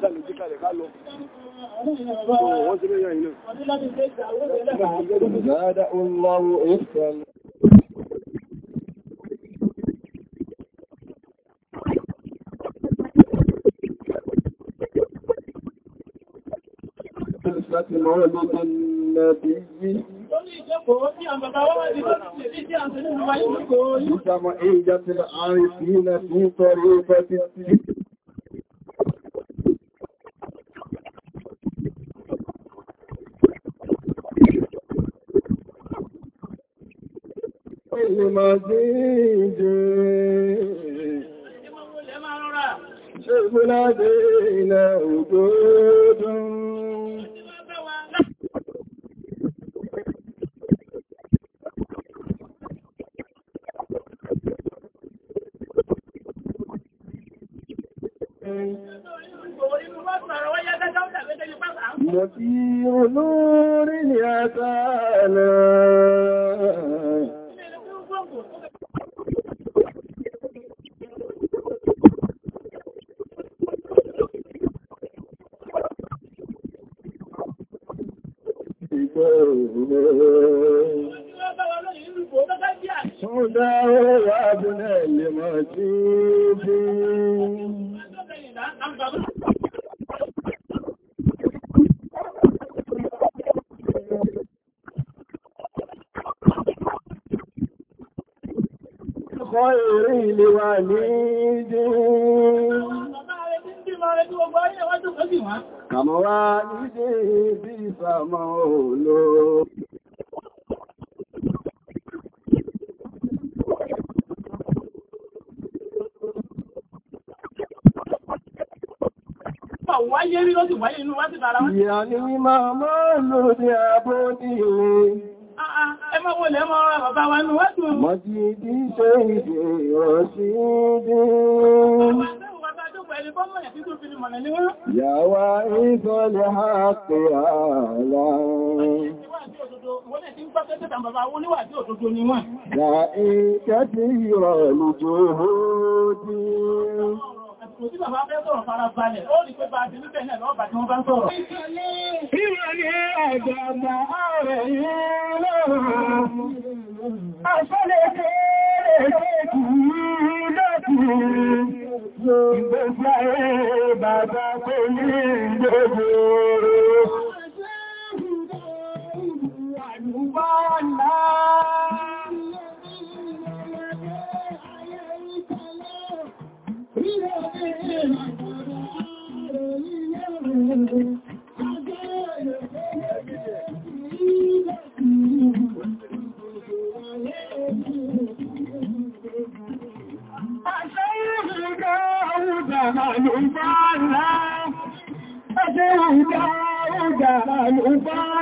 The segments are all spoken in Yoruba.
sálẹ̀ jíkà rẹ̀ ká lọ wọ́n sí mẹ́yà iná Zada Allahu Iftal. Láti mọ́ ọ̀nà nabiyyi جمعية العارفين في طريقة الدين المزيد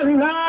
الله لا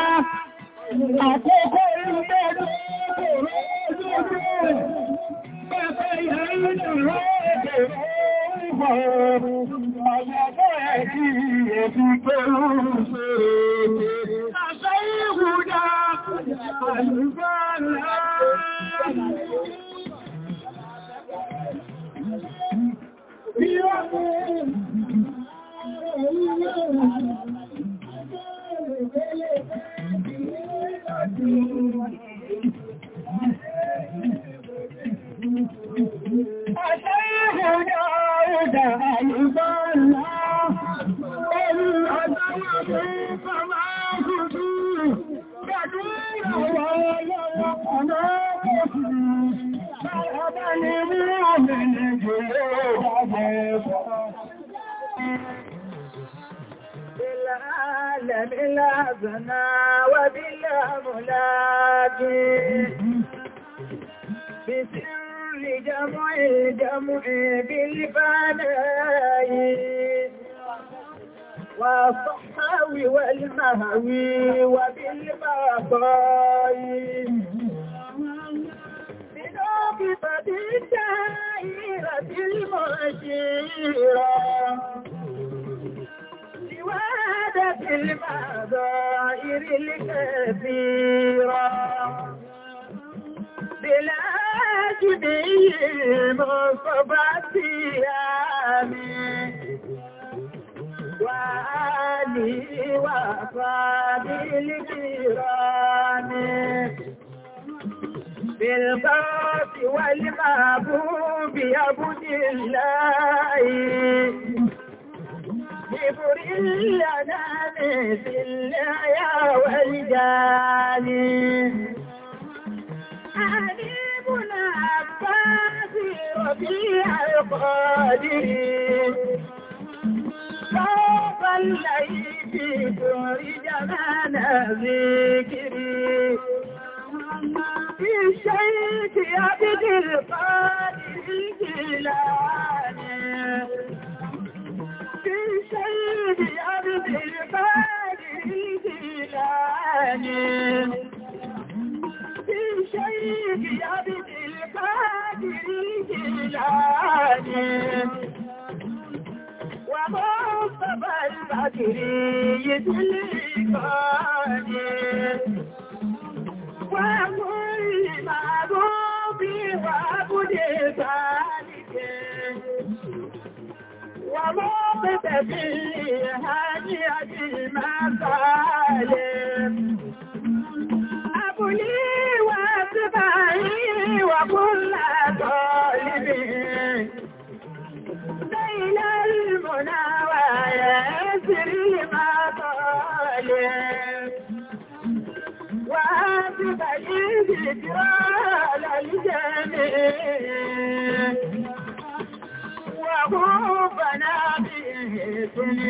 ذلك وما بتبيه هاجي هاجي ما ظالم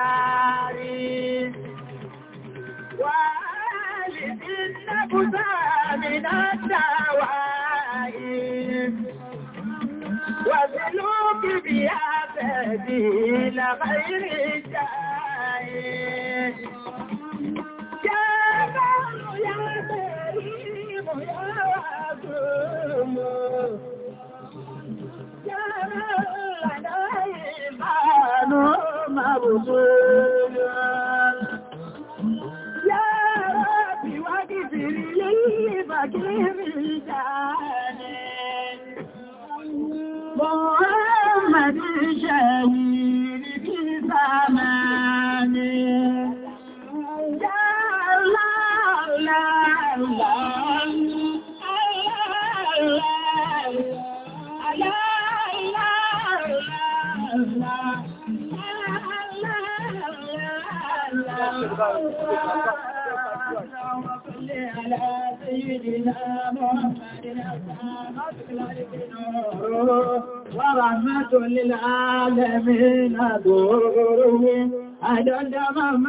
داري والد النبذ من الدوائم وسلوك بها سبيل غير جائم يا كريم يا عظيم جمال على مبذول يا ربي واغفر لي فقير الجانب محمد شهيد سيدنا محمد أسامت للنور ورحمة للعالمين دوره أدل من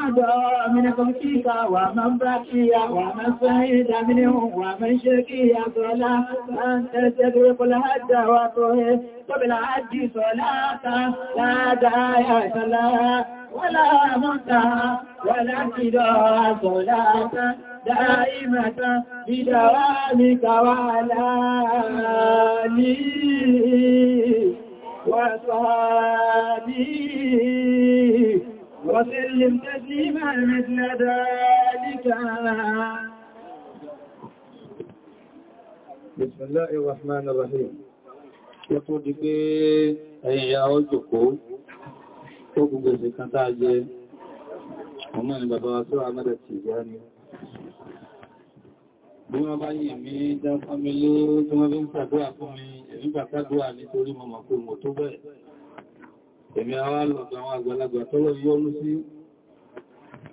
مدى من قمتك ومن بكي ومن سعيد منه ومن شكي صلاة أنت تدرك الهد وطهر قبل عد صلاة لا داعي صلاة ولا منتهى ولا ابتداء صلاة دائمة بدوامك وعلى لي وصالي وسلم تسليما مثل ذلك بسم الله الرحمن الرحيم يقول لك ẹ̀yà ojòkó tó gbogbo ṣe kan tàà jẹ ọmọ ni bàbá wa tó àmọ́dà ti ìyá ni bí wọ́n bá yìí mi dá fámílé tí wọ́n bí ń ṣàdúrà fún mi èmi gbàtàdúrà nítorí mọ̀mọ̀ kó mọ̀ tó bẹ́ẹ̀ èmi àwọn alọ́gbà àwọn àgbàlagbà tọ́lọ́ yọ́nú sí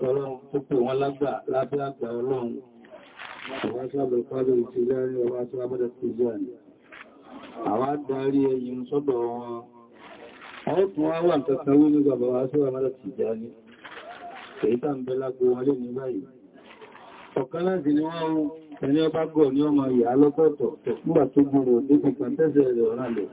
ọlọ́run púpọ̀ wọn lágbà lábẹ́ àgbà ọlọ́run ọba sábẹ̀ pàdé ìtì láàrin ọba tí wábọ́dà ti jáàni àwọn adarí ẹ̀yìn sọ́dọ̀ wọn ọkùn wá wà tẹ̀sán wí ní bàbá wá sí wábọ́dà ti jáàni èyí tà ń bẹ lágbo wọn lé ní báyìí ọ̀kan tó gbòrò dé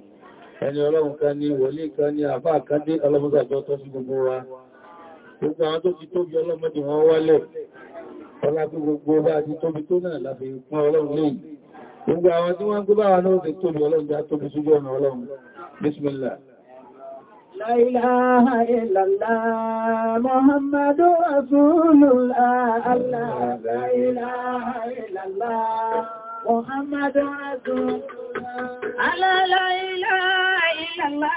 ẹni ọlọ́run kan ní wòlíì kan ní àfáà kan dé tó sí gbogbo wa gbogbo àwọn tó ti tóbi ọlọ́mọdé wọn wálẹ̀ ọlápí gbogbo bá ti tóbi tó náà láfi pún ọlọ́run lẹ́yìn La ilaha illallah Muhammadu Rasulullah Allah La ilaha illallah Muhammadu Rasulullah alala ilaha illallah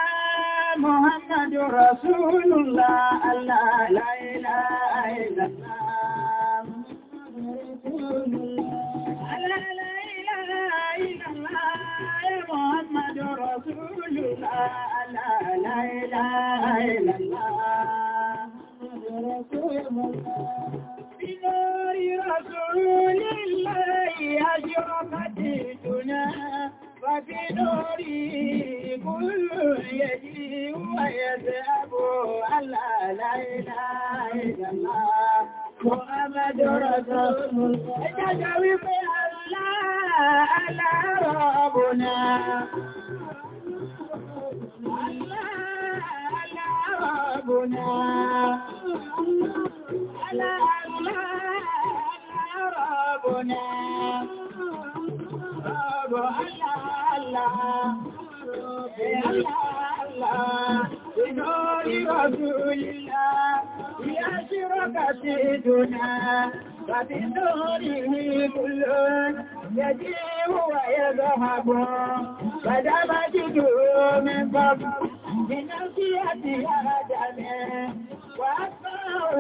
muhammadu rasulullah alala ilaha illallah alala ilaha illallah muhammadu rasulullah alala ilaha illallah rasulullah بنور رسول الله أجرفت الدنيا ففي نوري كل يجي ويذهب ألا لا إله إلا الله محمد رسول الله تجاوب الله على ربنا الله على ربنا على الله على ربنا babu Allah Allah سيدنا فبنوره كل يجيء ويذهب قد مجد من فضل بنفسيته آدمه وأسمعه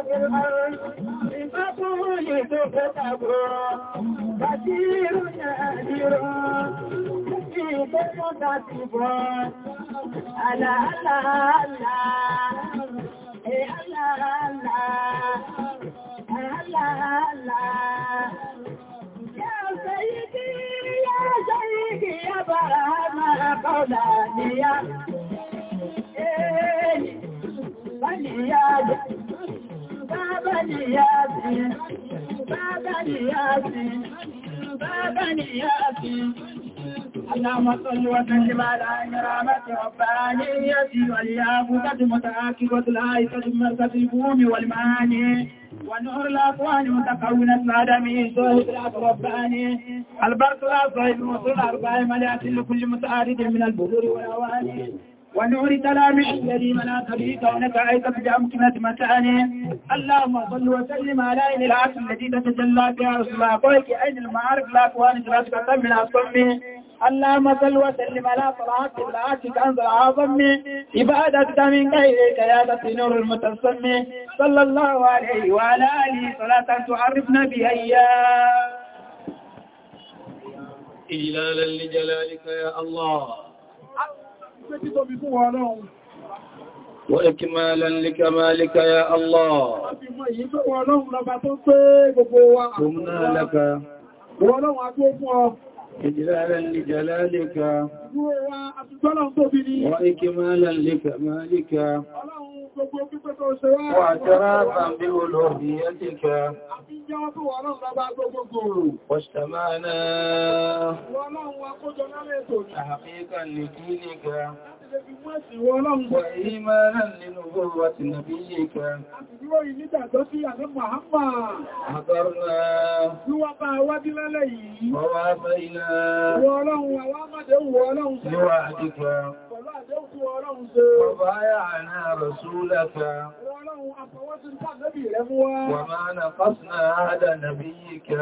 بالأرض بفضله تكتب بصير نادر Baba ni yasin, baba ni yasin, اللهم صل وسلم على كرامة ربانيتي والياقوتة متآكدة الآية مركز البوم والمعاني ونور الأكوان متكونة العدم صاحب الرباني البرق الأصيب وصول أربع ملأت لكل متعارض من البذور والأواني ونور تلامح الذي ملا كونك ونفعيك بأمكنة متانه اللهم صل وسلم على عين العقل الذي تتجلى بها رسول الله قولك المعارف الأكوان تراسك من أصمه اللهم صل وسلم على صلاتك صلاتك انت العظم عبادتك من غيرك يا ذات نور المتسم صلى الله عليه وعلى اله صلاه تعرفنا بها إجلالا لجلالك يا الله وإكمالا لكمالك يا الله قمنا لك إجلالا لجلالك وإكمالا لكمالك واعترافا بألوهيتك واجتمعنا تحقيقا لدينك وإيمانا لنبوة نبيك حضرنا ووافينا لوعدك وبايعنا رسول رسولك وما نقصنا عهد نبيك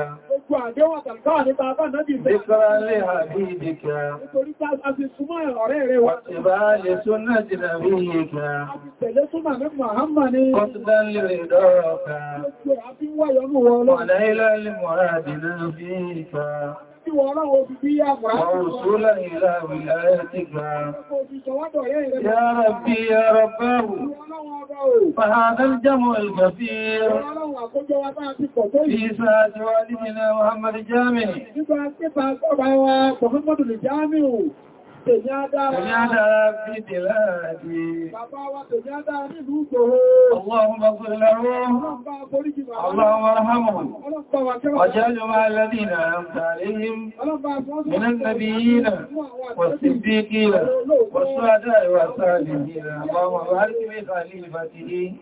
ذكرا لحبيبك واتباع لسنة نبيك قصدا لرضاك ونيلا لمرادنا فيك tí wọ́n ráwọ̀ fi bí àmúrà ọ̀rọ̀sọ́lá ìlà ìlàyà ti gbà yára bí yára báwò fàhádán jámọ̀ ìgbàfíir ìsá àjíwá nínú Muhammad Jami تجادى في بلادي اللهم اغفر لهم اللهم ارحمهم وجعل مع الذين انعمت عليهم من النبيين والصديقين والشهداء والصالحين اللهم بارك في خليفته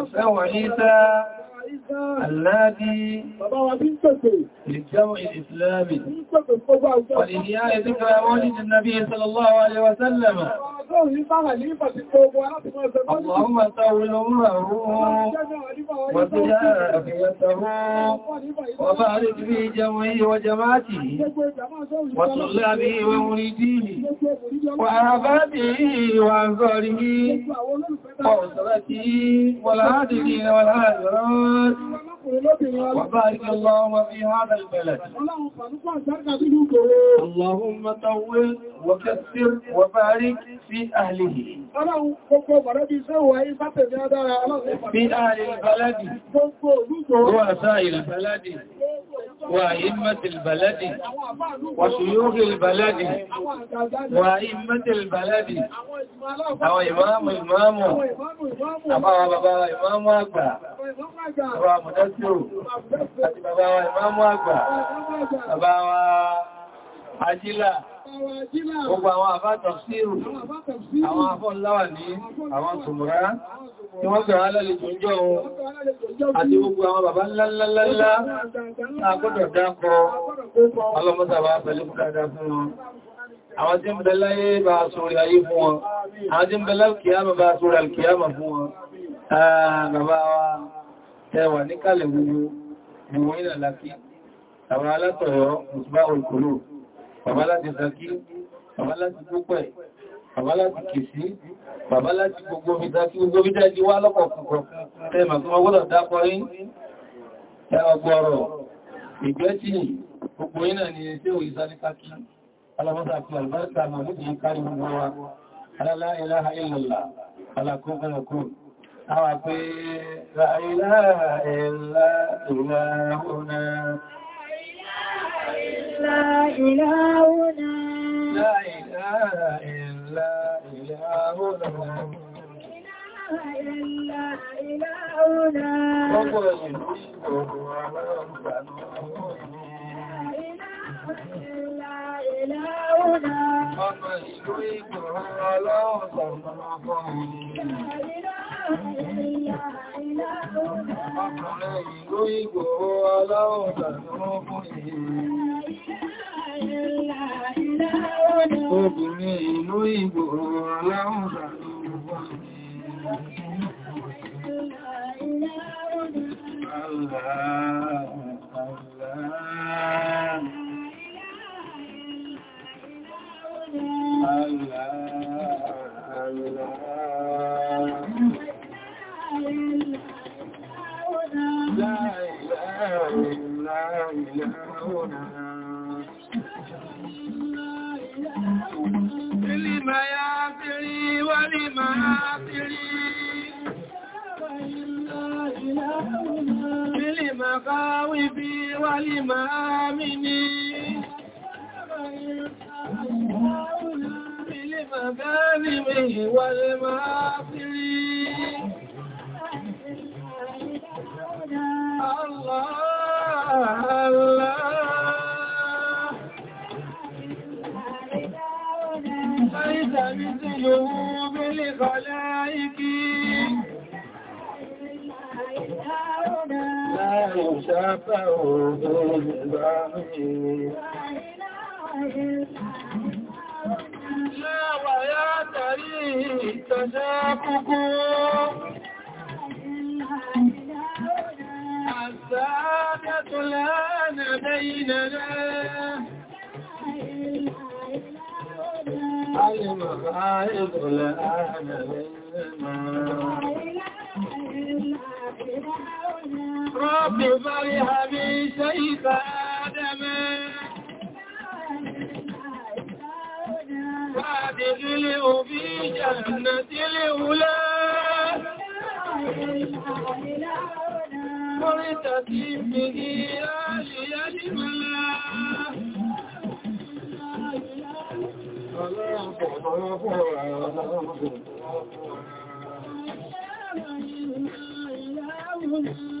السوء عيسى الذي للجمع الإسلامي ولإحياء ذكرى مولد النبي صلى الله عليه وسلم اللهم طول عمره وضياء أفيته وبارك في جمعه وجماعته وطلابه ومريديه وأحبابه وأنصاره وأسرته والعادلين والعادلات وبارك الله في هذا البلد اللهم طول وكثر وبارك في أهله في أهل البلد رؤساء البلد وأئمة البلد وشيوخ البلد وأئمة البلد أو إمام إمام أو بابا إمام أكبر Násírò àti bàbá wa ìmáàmù àgbà, bàbá wa Ajílà, gbogbo àwọn àbátọ̀ sírù, àwọn afọ́nláwà ní àwọn Tùmùrá, tí wọ́n gbà alálejò ń jọ ohun àti gbogbo àwọn bàbá ńláńláńlá àgbọ́dọ̀ dákọ ọlọ́mọ́sàbà pẹ̀lú dáadáa fún wọn. Àwọn tí ń bẹ láyé bá sórí ayé fún wọn, àwọn tí ń bẹ lákìyàmà bá sórí alkìyàmà fún wọn. Ah, bàbá wa ẹwà ní kálẹ̀ gbogbo ìwọ̀n ìlàlákí àwọn alátọ̀yọ́ musbá olùkòlò bàbá láti sàkí bàbá láti púpẹ̀ bàbá láti kìsí bàbá láti gbogbo ìdájí gbogbo ìdájí wá lọ́pọ̀ púpọ̀ tẹ́mà tó wọ́n gbọ́dọ̀ dápọrí ẹgbọ́rọ̀ ìgbẹ́tì gbogbo iná ni ṣe ò ìsáníkákí alamọ́sá àti albarka mahmud yìí kárí gbogbo wa alá la ilaha illallah alákún alákún àwọn pé láìlá ìlà ìlàhúnà láìlá ìlà ìlàhúnà Gbogbo ìlú ìgbòho aláàrùn-ún Ọmọ ìlú ìgbòho aláàrùn-ún Ọkùnrin ìlú ìgbòho aláwọ̀ tàbí Obìnrin ìlú ìgbòho aláwọ̀ Allah, Allah. Allah, Allah. لا إله إلا إلهنا لما ياتري ولما ياتري لمغاوبي ولمآمني لمغانمه والمغانمه فوز البعيد ويا تري تشاقكم السادة الآن بيننا المغايب الآن بيننا رب فرح بي سيف آدم وادخله في جنة الأولى مرتسم به عالي الملا Thank you.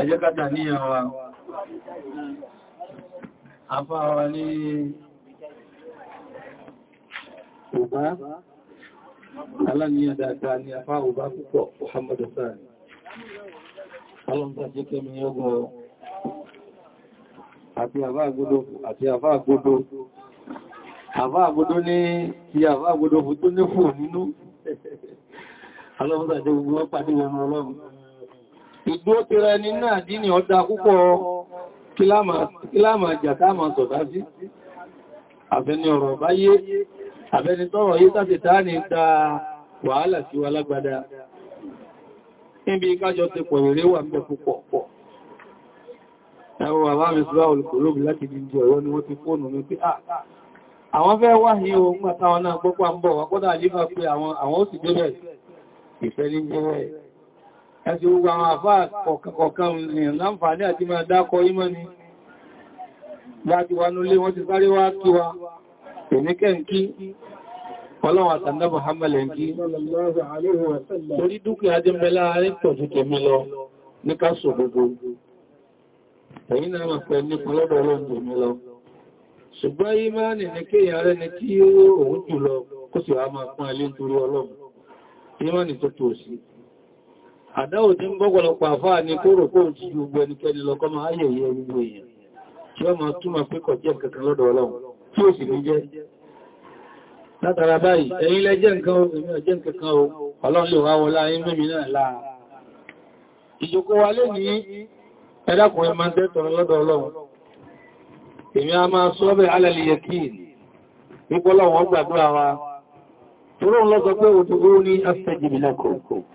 ẹjẹ́ kátà ní àwà afá wa ní ọba aláníyàn dáadáa ní afá ọba púpọ̀ Muhammadu sáàrì ọlọ́mta jẹ́ kẹ́mi ọgbọ̀ àti àfá àgbódó àti àfá àgbódó àfá àgbódó ní ti àfá àgbódó fún tó ní fún nínú ọlọ́mta jẹ́ gbogbo ọpàdé ọmọ ọlọ́run ìdúró tẹ́rẹ ní náà dí ní ọdá púpọ̀ kíláàmà jàtàmà sọ̀dá sí àfẹ́ni ọ̀rọ̀ báyé àfẹ́ni tọ́rọ yí tàbítà ní ta wàhálà sí wa lágbádá níbi kájọ ti pọ̀ rere wà ń bẹ púpọ̀ pọ̀ ẹwọ́ àwọn ìsúra olùkòlóbi láti jíjẹ ọ̀rọ̀ ni wọ́n ti fóònù ìfẹ́ ní jẹ́ ẹ̀sì gbogbo àwọn àfáà kọ̀ọ̀kan èèyàn láǹfààní àti máa dákọ ìmọ̀ ni láti wà ní wọ́n ti sáré wá kí wa èmi kẹ́ǹkí ọlọ́run àtàndà Muhammad ẹ̀ǹkí torí dúkìá jẹ́ mẹ́lá àrẹ́tọ̀jú tẹ̀mí lọ ní káṣọ gbogbo ẹ̀yìn náà mọ̀ pẹ̀lú ọlọ́dọ̀ ọlọ́run tẹ̀mí lọ ni tí ó òun jùlọ kó sì wá máa pán ilé tó tòsí àdáwò tí ń bọ́gbọ̀lọpọ̀ àfáà ní kó rò kóhùn tí gbogbo ẹnikẹ́ni lọ́kọ́ máa ayẹyẹ gbogbo èèyàn tí ó máa túnmà pé kò jẹ́ kankan lọ́dọ̀ ọlọ́run tí ó sì ní jẹ́ látara báyìí ẹ̀yin lẹ jẹ́ nǹkan obìnrin ọjẹ́ nǹkan o ọlọ́run lè wá wọlá ayé mímí náà láà ìjókòó wa lè ní ẹ̀dàkùnrin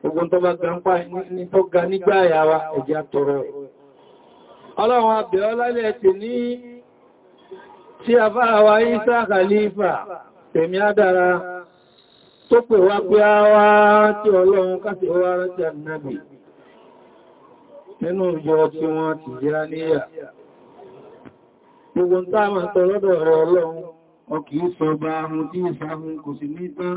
gbogbo tó bá gbàǹpá ní tó ga nígbà àyà wa ẹ̀jẹ́ àtọrọ ẹ̀. ọlọ́run abẹ̀ ọlálẹ̀ ti ní tí a fà wa Isa Khalifa tèmi ádára tó pè wá pé a wá tí ọlọ́run káti wá rántí ànábì nínú ìjọ tí wọ́n ti jẹ́ níyà gbogbo táàmà tọrọ́dọ̀ ọ̀rọ̀ ọlọ́run ọkì ìsọba ahun tí ìsáhun kò sí ní tán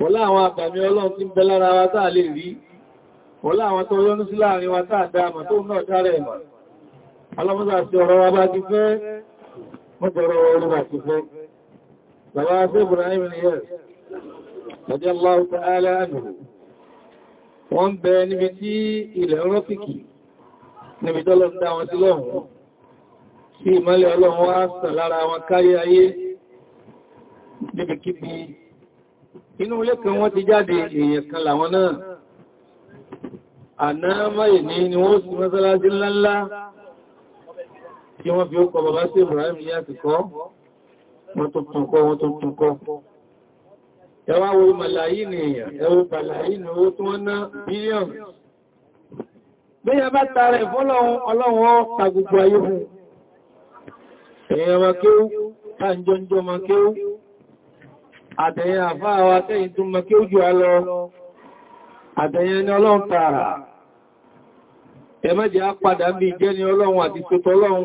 wọ́lá àwọn àgbàmí ọlọ́run tí ń bẹ lára wa táà lè rí wọ́lá àwọn tó yọ́nú sí láàrin wa táà dáàmà tó náà dárẹ̀ mọ̀ alámọ́sà sí ọ̀rọ̀ wa bá ti fẹ́ mọ́jọ̀rọ̀ olúbà ti fẹ́ bàbá sí Ibrahim niyar radiyallahu ta'ala anhu wọ́n bẹ níbi tí ilẹ̀ rọ́fìkì níbi tọ́lọ́ dá wọn sí lọ́hùn inú ilé kan wọ́n ti jáde èèyàn kan làwọn náà àná máyè ní ni wọ́n sì mọ́sálásí ńláńlá kí wọ́n fi ó kọ bàbá sí Ibrahim ní àtìkọ́ wọ́n tó túnkọ́ wọ́n tó túnkọ́ ẹwà wo màláyí ni èèyàn ẹwà màláyí ni owó tí wọ́n ná bílíọ̀nù bí i bá tààrẹ fọ́lọ́run ọlọ́run ta àtẹ̀yìn àfáà wa tẹ́yìn tó mọ́ kí ó jù á lọ àtẹ̀yìn ẹni ọlọ́run tààrà ẹmẹ́jẹ́ á padà bí jẹ́ ni ọlọ́run àti sótọ́ ọlọ́run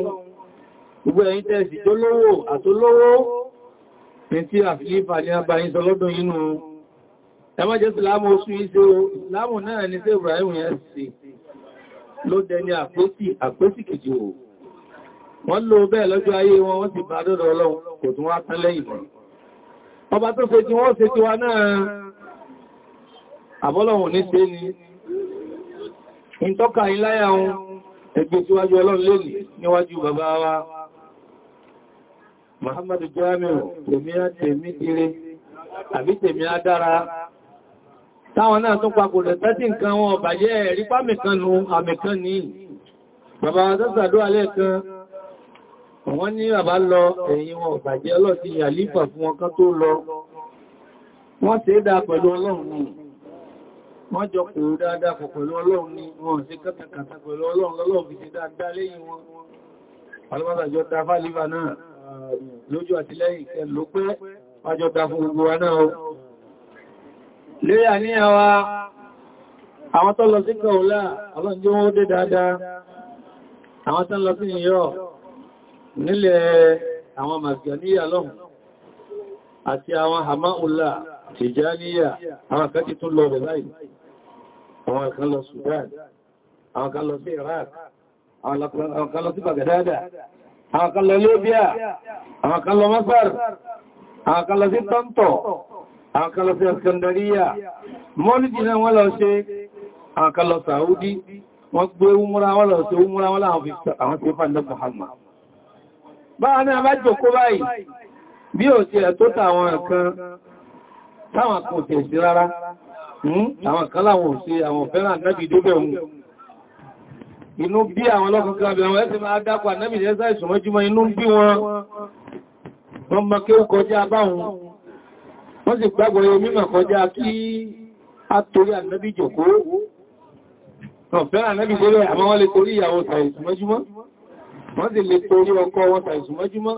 gbogbo ẹ̀yin tẹ́ẹ̀sì tó lówó àtólówó ní tí àfilífà ní abáyín sọ lọ́dún inú ẹmẹ́jẹ́ ìsìlámù oṣù ìṣẹ́ ìsìlámù náà ní sí Ibrahim yẹn sì ló dẹni àpótí àpótí kejì wò wọ́n lò bẹ́ẹ̀ lọ́jọ́ ayé wọn wọ́n sì bá dọ́dọ̀ ọlọ́run kò tún wá tán lẹ́yìn ọba tó ṣe tí wọ́n ṣe tí wa náà àbọ́lọ̀wọ̀n ní ṣe ni in tọ́ka iláyà ohun ẹgbẹ́ síwájú ọlọ́run lè níwájú bàbá wa Muhammadu Jamiu tèmi á tèmi dire àbí tèmi á dára táwọn náà tún papòdẹ̀ tẹ́tí nǹkan wọn bàjẹ́ rí pàmìkan nù àmìkan ní bàbá wa tó ṣàdúrà lẹ́ẹ̀kan wọ́n ní àbá lọ ẹ̀yìn wọn ọ̀bàjẹ́ ọlọ́tí àlífà fún wọn kan tó lọ wọ́n tẹ́ dáa pẹ̀lú ọlọ́run ni wọ́n jọ kò dáadáa pọ̀ pẹ̀lú ọlọ́run ni wọ́n sí kátàkátà pẹ̀lú ọlọ́run lọ́lọ́run fi ti dáadáa lẹ́yìn wọn alọ́bátàjọ ta fálífà náà lójú àtìlẹ́yìn kẹlò pé wájọ ta fún gbogbo wa náà lórí àníyàn àwọn tó lọ sí kọ̀ọ̀lá ọlọ́run jẹ́ wọ́n dé dáadáa àwọn tó lọ sí ìyọ́ nílẹ̀ àwọn Masganiya lọ́hùn àti àwọn Hama'ula Tijaniya àwọn kan ti tún lọ bẹ̀ báyìí àwọn kan lọ Sudan àwọn kan lọ sí Iraq àwọn kan lọ sí Baghdada àwọn kan lọ Libya àwọn kan lọ Masar àwọn kan lọ sí Tanto àwọn kan lọ sí Iskandariya mọ́lìdì náà wọ́n lọ ṣe àwọn kan lọ Saudi wọ́n gbé umura wọ́n lọ ṣe umura wọ́n láwọn fi àwọn tí ó fà ní Muhammad báwa náà bá jòkó báyìí bí ò ti ẹ̀ tó tàwọn ẹ̀kan táwọn kan tẹ̀ sí rárá hmm? àwọn kan láwọn ò sí àwọn fẹ́ràn náàbì débẹ̀ ohun inú bí àwọn ọlọ́kan kan bí àwọn ẹ̀sẹ̀ máa dákọ̀ náàbì lẹ́sà ìsùnmọ́júmọ́ inú bí wọn wọ́n mọ́ kí ó kọjá báhun wọ́n sì gbàgbọ́ yóò mímọ̀ kọjá kí a wọ́n sì lè torí ọkọ wọn sàìsùmọ́júmọ́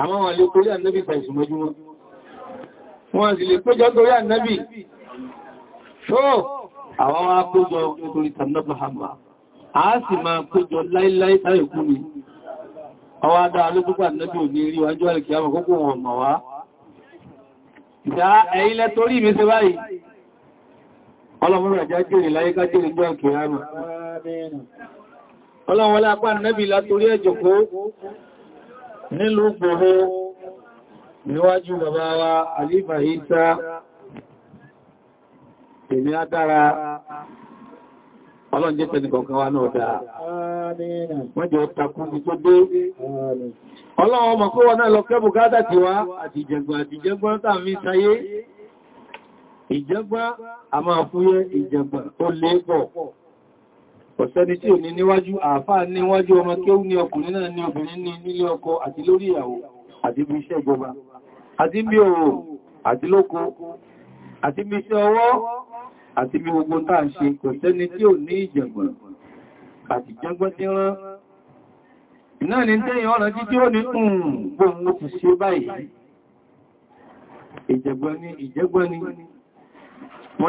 àmọ́ wọn lè torí ànábì sàìsùmọ́júmọ́ wọ́n sì lè péjọ torí ànábì ṣó àwọn wọn péjọ nítorí tàbí a sì máa péjọ láíláí táyẹ̀kú ni ọwá dáa ló púpà ànábì ò ní rí wájú àrẹ̀kì àmà kókò wọn mọ̀ wá ìdá ẹ̀yìnlẹ̀ torí mi ọlọ́run alápá nẹ́bí látorí ẹjọ́kó nílùú pòrò níwájú bàbá wa Àlífà Ìsá èmi adára ọlọ́run jẹ́ tẹni kọ̀ọ̀kan wa náà dáa wọ́n jẹ́ takún ti tó dé ọlọ́run ọmọ kó wọ́n náà lọ kẹ́bù gádà ti wá àti ọ̀sẹ́ni tí ò ní níwájú àáfáà níwájú ọmọ kéwú ní ọkùnrin náà ní obìnrin ní nílé ọkọ àti lórí ìyàwó àti bí iṣẹ́ ìjọba àti bí òwò àti lóko àti bí iṣẹ́ ọwọ́ àti bí gbogbo tá ń ṣe kò sẹ́ni tí ò ní ìjẹ̀gbọ̀n ni tẹ́yìn ọ̀rọ̀ títí ó ní gbóhun ni ìjẹ̀gbọ́n ni mo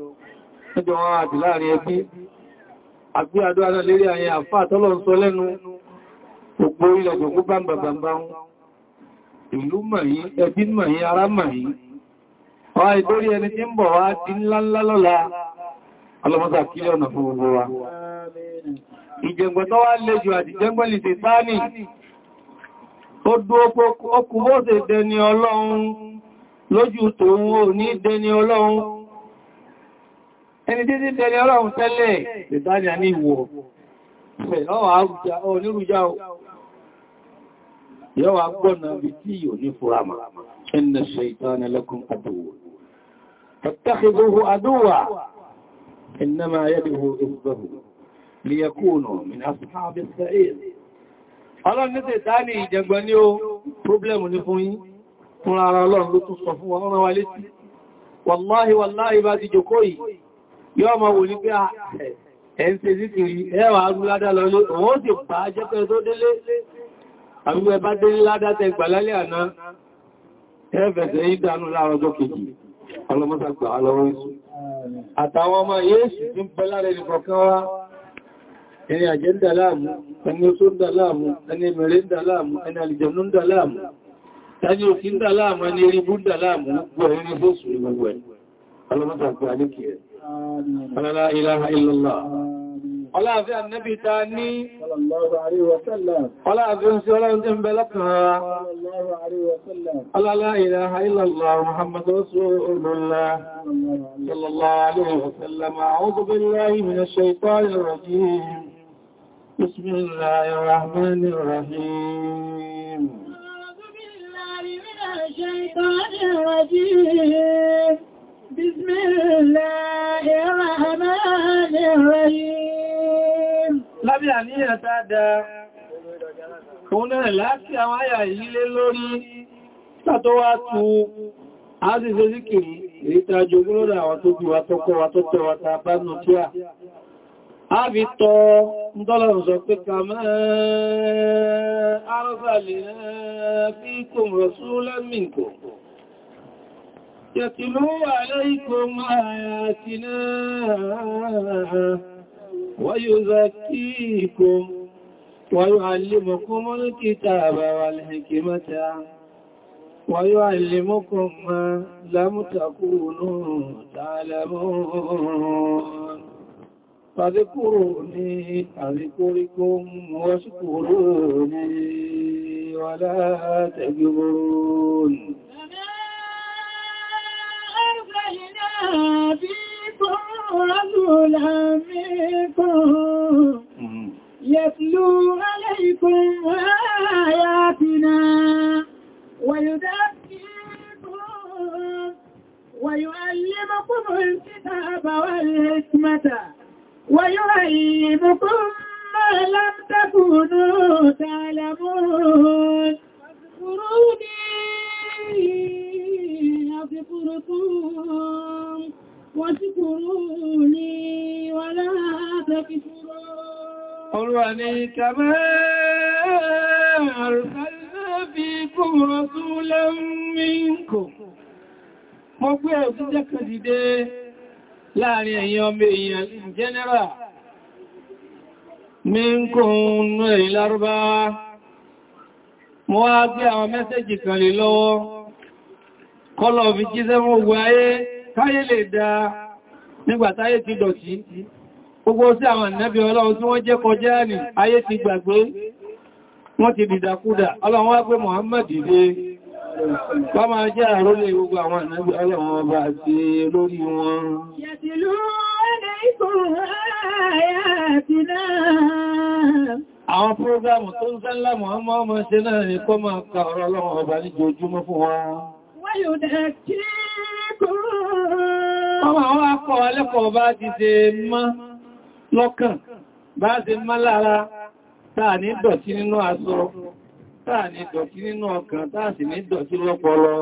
ẹjọ́ wọn àti láàrin ẹbí àgbé àdó ara lérí ayẹ àfáà àtọ́lọ̀ ń sọ lẹ́nu ògbó ilẹ̀ ìlú ẹbí ará ìdórí ẹni tí ń bọ̀ wá lọ́la ẹni tí tẹ̀lé ọlọ́run tẹ́lẹ̀ ìdájá ní ìwọ̀ yọ́wà gbọ́nà bí tí yóò ní fúramà ẹnà ṣaitánà lakum àdúwà fàtàkìdóhù àdúwà ìnàmà yẹ́dìhù ìgbẹ̀hù liyakúnù min ashabi ní tẹ̀tàní ìjẹgbẹ̀ ní ó problem ní yọ́ ma wò ní pé ah, ẹ̀ń ṣe síkiri ẹwà arú ládá lọ ní wọ́n sì pa jẹ́pẹ́ tó délé àbúgbẹ́ bá délé ládá tẹ gbàlálẹ̀ àná ẹfẹ̀ẹ́sẹ̀ ìdánú láàrọjọ́ kejì ọlọ́mọ́sàgbà lọ́wọ́ ìsù àtàwọn ọmọ yéèsù tí ń bẹ lára ẹni kọ̀ọ̀kan wá ẹni àjẹ́ndà láàmú ẹni oṣó ń dà láàmú ẹni mẹ̀rẹ́ ń dà láàmú ẹni àlìjẹ̀nú ń dà láàmú tàbí òkín dà láàmú ẹni eribú ń dà láàmú gbọ́ ẹni fóṣù ní ẹ̀ أنا لا إله إلا الله ولا أفي النبي تاني صلى الله عليه وسلم ولا أفي أنسي ولا أنتم بلقها صلى الله عليه وسلم ولا لا إله إلا الله محمد رسول الله صلى الله عليه وسلم أعوذ بالله من الشيطان الرجيم بسم الله الرحمن الرحيم أعوذ بالله من الشيطان الرجيم بسم الله الرحمن الرحيم lábí àníyàn dáadáa òun náà láti àwọn àyà yìí lé lórí tàtọ́wà tú àádìsẹ́ síkìrí èyí tàà jogún lórí àwọn tó bí wa tọ́kọ́ wa tó tẹ́wà tàà bá nù tí à á fi tọ́ ndọ́lọ̀rùn sọ pé ká mẹ́ arọ́sàlẹ̀ fíkùn rọ̀súlẹ́mìnkùn يتلو عليكم آياتنا ويزكيكم ويعلمكم الكتاب والحكمة ويعلمكم ما لم تكونوا تعلمون فاذكروني أذكركم واشكروني ولا تكفرون أبيكم رسول أمكم يتلو عليكم آياتنا ويذكركم ويعلمكم الكتاب والحكمة ويعلمكم ما لم تكونوا تعلمون واذكروني أشكركم واشكروا لي ولا تكفرون قل كما أرسلنا فيكم رسولا منكم mo gbé òjíjẹ́ kan dìde láàrin ẹ̀yin ọmọ èèyàn in general mi ń kò nú èyí lárúbá mo wá gbé àwọn mẹ́sẹ́jì kan lè lọ́wọ́ kọ́lọ̀ fi jíṣẹ́ wọ́n wo ayé káyé lè dá nígbàtáyé ti dọ̀tí gbogbo sí àwọn ìnẹ́bí ọlọ́run tí wọ́n jẹ́ kọjá ní ayé ti gbàgbé wọ́n ti dìdàkúdà ọlọ́run wá pé Muhammad dé wọ́n máa jẹ́ àrólé gbogbo àwọn ìnẹ́bí ọlọ́run ọba àti lórí wọn àwọn prógámù tó ń sánlá Muhammad ọmọ ṣe náà ní kọ́ máa ka ọ̀rọ̀ ọlọ́run ọba ní jojúmọ́ fún wọn Ọmọ àwọn akọ̀ alẹ́kọ̀ọ́ bá ti ṣe mọ́ lọ́kàn, bá ṣe mọ́ lára, táà ní dọ̀tí nínú aṣọ, táà ní dọ̀tí nínú ọkàn, táà sì ní dọ̀tí lọ́pọlọ.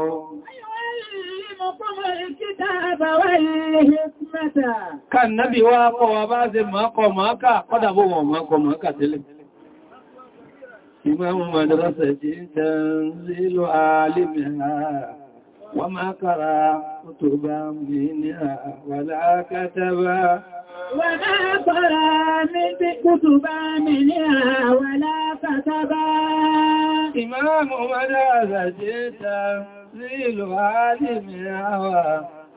Kan wá kọ́ wa bá ṣe mọ́ kọ mọ́ ká, kọ́dà bó wọ̀n kọ mọ́ ká tẹ́lẹ̀. Ìmọ̀ وما قرأ كتبا منها ولا كتبا وما قرأ من كتبا منها ولا كتبا إمام مدازة جيتا ذيل عالمها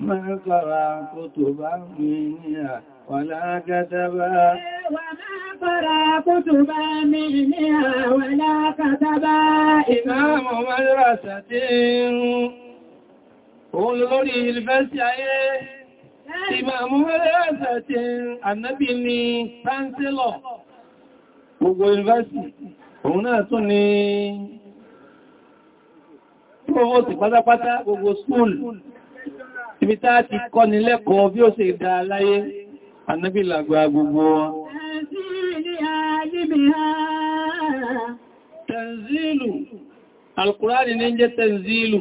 وما قرأ كتبا منها ولا كتبا وما قرأ كتبا منها ولا كتبا إمام مدرسة òun lórí yunifásitì ayé ìmàmù mẹ́rẹ́sẹ̀ ti ànábì ní kánsílọ̀ gbogbo yunifásitì òun náà tún ni provoti pátápátá gbogbo skúl ibi táà ti kọ́ ni lẹ́kọ̀ọ́ bí ó ṣe dá láyé ànábì làgbà gbogbo wọn Tanzilu, Al-Qur'ani ní jẹ́ Tanzilu,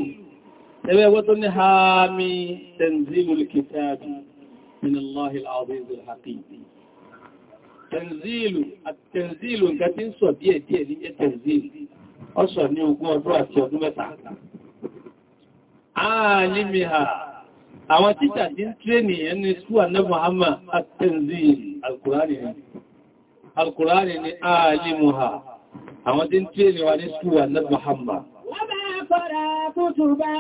ẹgbẹ́ ẹgbẹ́ tó ní hàmì tanzilul kitabi minallahi al-azizil hakim tanzilu at-tanzilu nǹkan tí ń sọ díẹ̀ díẹ̀ ní tanzilu ó sọ ní ogún ọdún àti ọdún mẹ́ta ààlìmìhà àwọn títà tí ń tréní ẹni skúwà náà Muhammad at-tanzil al-Qur'ani ni al-Qur'ani àwọn tí ń tréní wa ní skúwà náà Muhammad قرأ كتبا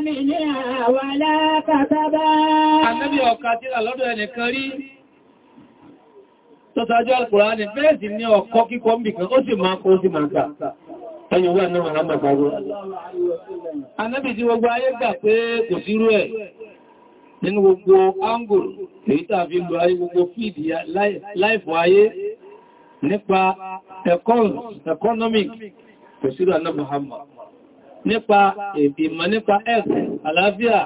منها ولا كتبا Ànábì ọ̀ka tírà lọ́dọ̀ ẹnìkan rí tọ́tajú Al-Kùránì bẹ́ẹ̀ sì ní ọ̀kọ́ kíkọ́ mbìkan ó sì máa kó sí máa gbà. Ẹyìn wà náà àrámà gbogbo. Ànábì tí gbogbo ayé gbà pé kò sírú ẹ̀ nínú gbogbo ángùl èyí tàbí lọ ayé gbogbo fíìdì láìfọ̀ ayé nípa economic kò sírú Ànábì Muhammad nípa ìmọ̀ nípa ẹ̀f àlàáfíà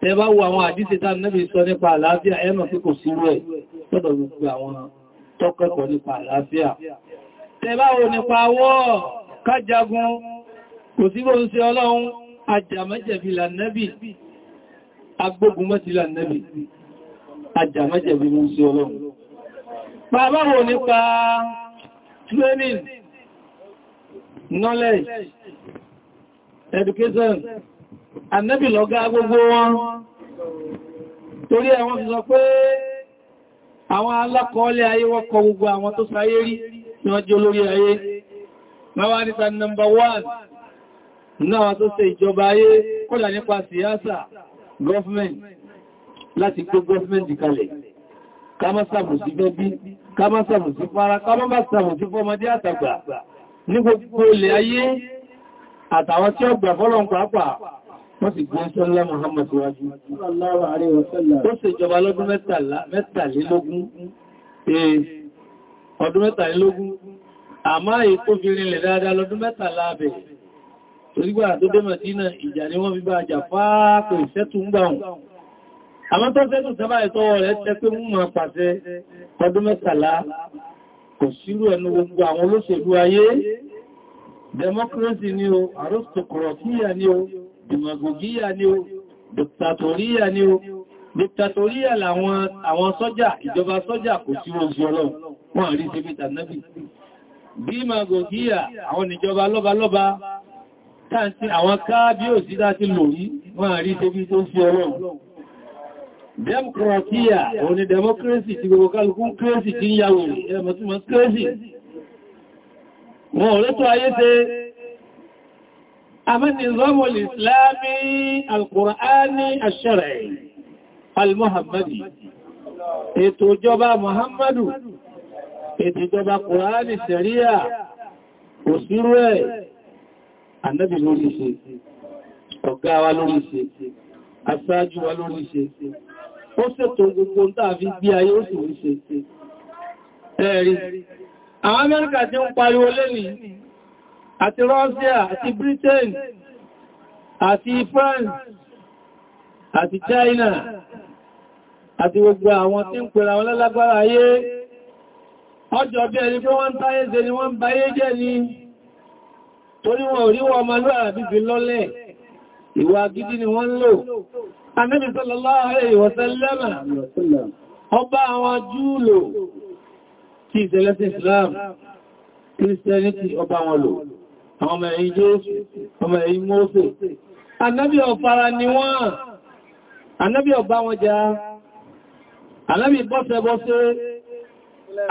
tẹbá wo àwọn àdíṣẹ́ tàbí nẹ́bí sọ nípa àlàáfíà ẹ̀mọ̀ tí kò sírú ẹ̀ tọ́dọ̀ gbogbo àwọn tọ́kẹ́kọ̀ọ́ nípa àlàáfíà tẹbá wo nípa wọ́ kájagun kò sí bó ń ṣe ọlọ́run ajàmẹ́jẹ̀bìlà nẹ́bì knowledge education annabi lọ́gá gbogbo wọn torí àwọn ti sọ pé àwọn alákọọ́lẹ̀ ayé wọ́kọ̀ gbogbo àwọn tó sáyé rí ní wọ́n jẹ́ olórí ayé mẹ́wàá níta number one náà tó ṣe ìjọba ayé kọ́lá nípa siyasa government láti gbé government kalẹ̀ ká má ṣàbòsí bẹ́bí ká má ṣàbòsí fara ká má ṣàbòsí fọ́mọdé àtàgbà ní gbogbo ilẹ̀ ayé àtàwọn tí ó gbà fọ́lọ́n pàápàá wọ́n sì gbé ṣọ́lá Muhammad wájú ó sì jọba lọ́dún mẹ́tàlélógún ọdún mẹ́tàlélógún àmá èkó fi rinlẹ̀ dáadáa lọ́dún mẹ́tàlá abẹ̀ torígbà tó dé Mẹ̀dínà ìjà ni wọ́n fi bá àjà fáàkò ìṣẹ́tù ń gbàun àmọ́ tó fẹ́ tó sábà ìtọwọ́ rẹ̀ tẹ́ pé mú máa pàṣẹ ọdún mẹ́tàlá kò sírú ẹnu gbogbo àwọn olóṣèlú ayé democracy ni o aristocratia ni o demagogia ni o dictatoria ni o dictatoria làwọn àwọn sọ́jà ìjọba sọ́jà kò sí oṣù ọlọ́run wọ́n rí sí peter nabi demagogia àwọn ìjọba lọ́balọ́ba tàbí àwọn káàbíòsí láti lòrí wọ́n rí sí bí tó sí ọlọ́run democratia òun ni democracy ti gbogbo kálukú kírésì ti ń yàwó ẹ̀mọ̀túnmọ̀ kírésì wọn ò rétò ayé ṣe àmẹ́ni zọ́mọ̀lì islami alkùránì aṣẹ́rẹ̀ al-muhammadi ètò ìjọba muhammadu ètò ìjọba kùránì sẹ̀ríà kò sírú ẹ̀ annabi lórí ṣe ọ̀gá wa lórí ṣe aṣáájú wa lórí ṣe ó ṣètò gbogbo ń tàbí gbí ayé ó sì rí ṣe ẹ̀rí àwọn Amẹ́ríkà tí ń pariwo lẹ́nì àti Russia àti Britain àti France àti China àti gbogbo àwọn tí ń pèrà wọn lálágbára ayé ọjọ́ bí ẹni pé wọ́n ń táyé ṣe ni wọ́n ń bayé jẹ́ ni torí wọn ò rí wọn ọmọlúwà bíbi lọ́lẹ̀ ìwà gidi ni wọ́n ń lò Ànábì sallallahu alaihi wa sallama ọba àwọn Júù lò tí ìtẹ́lẹ́sì Islam Christianity ọba wọn lò àwọn ọmọ ẹ̀yìn Jésù ọmọ ẹ̀yìn Mósè anábí ọ̀fara ni wọ́n anábí ọba wọn já anábí bọ́sẹ̀bọ́sẹ̀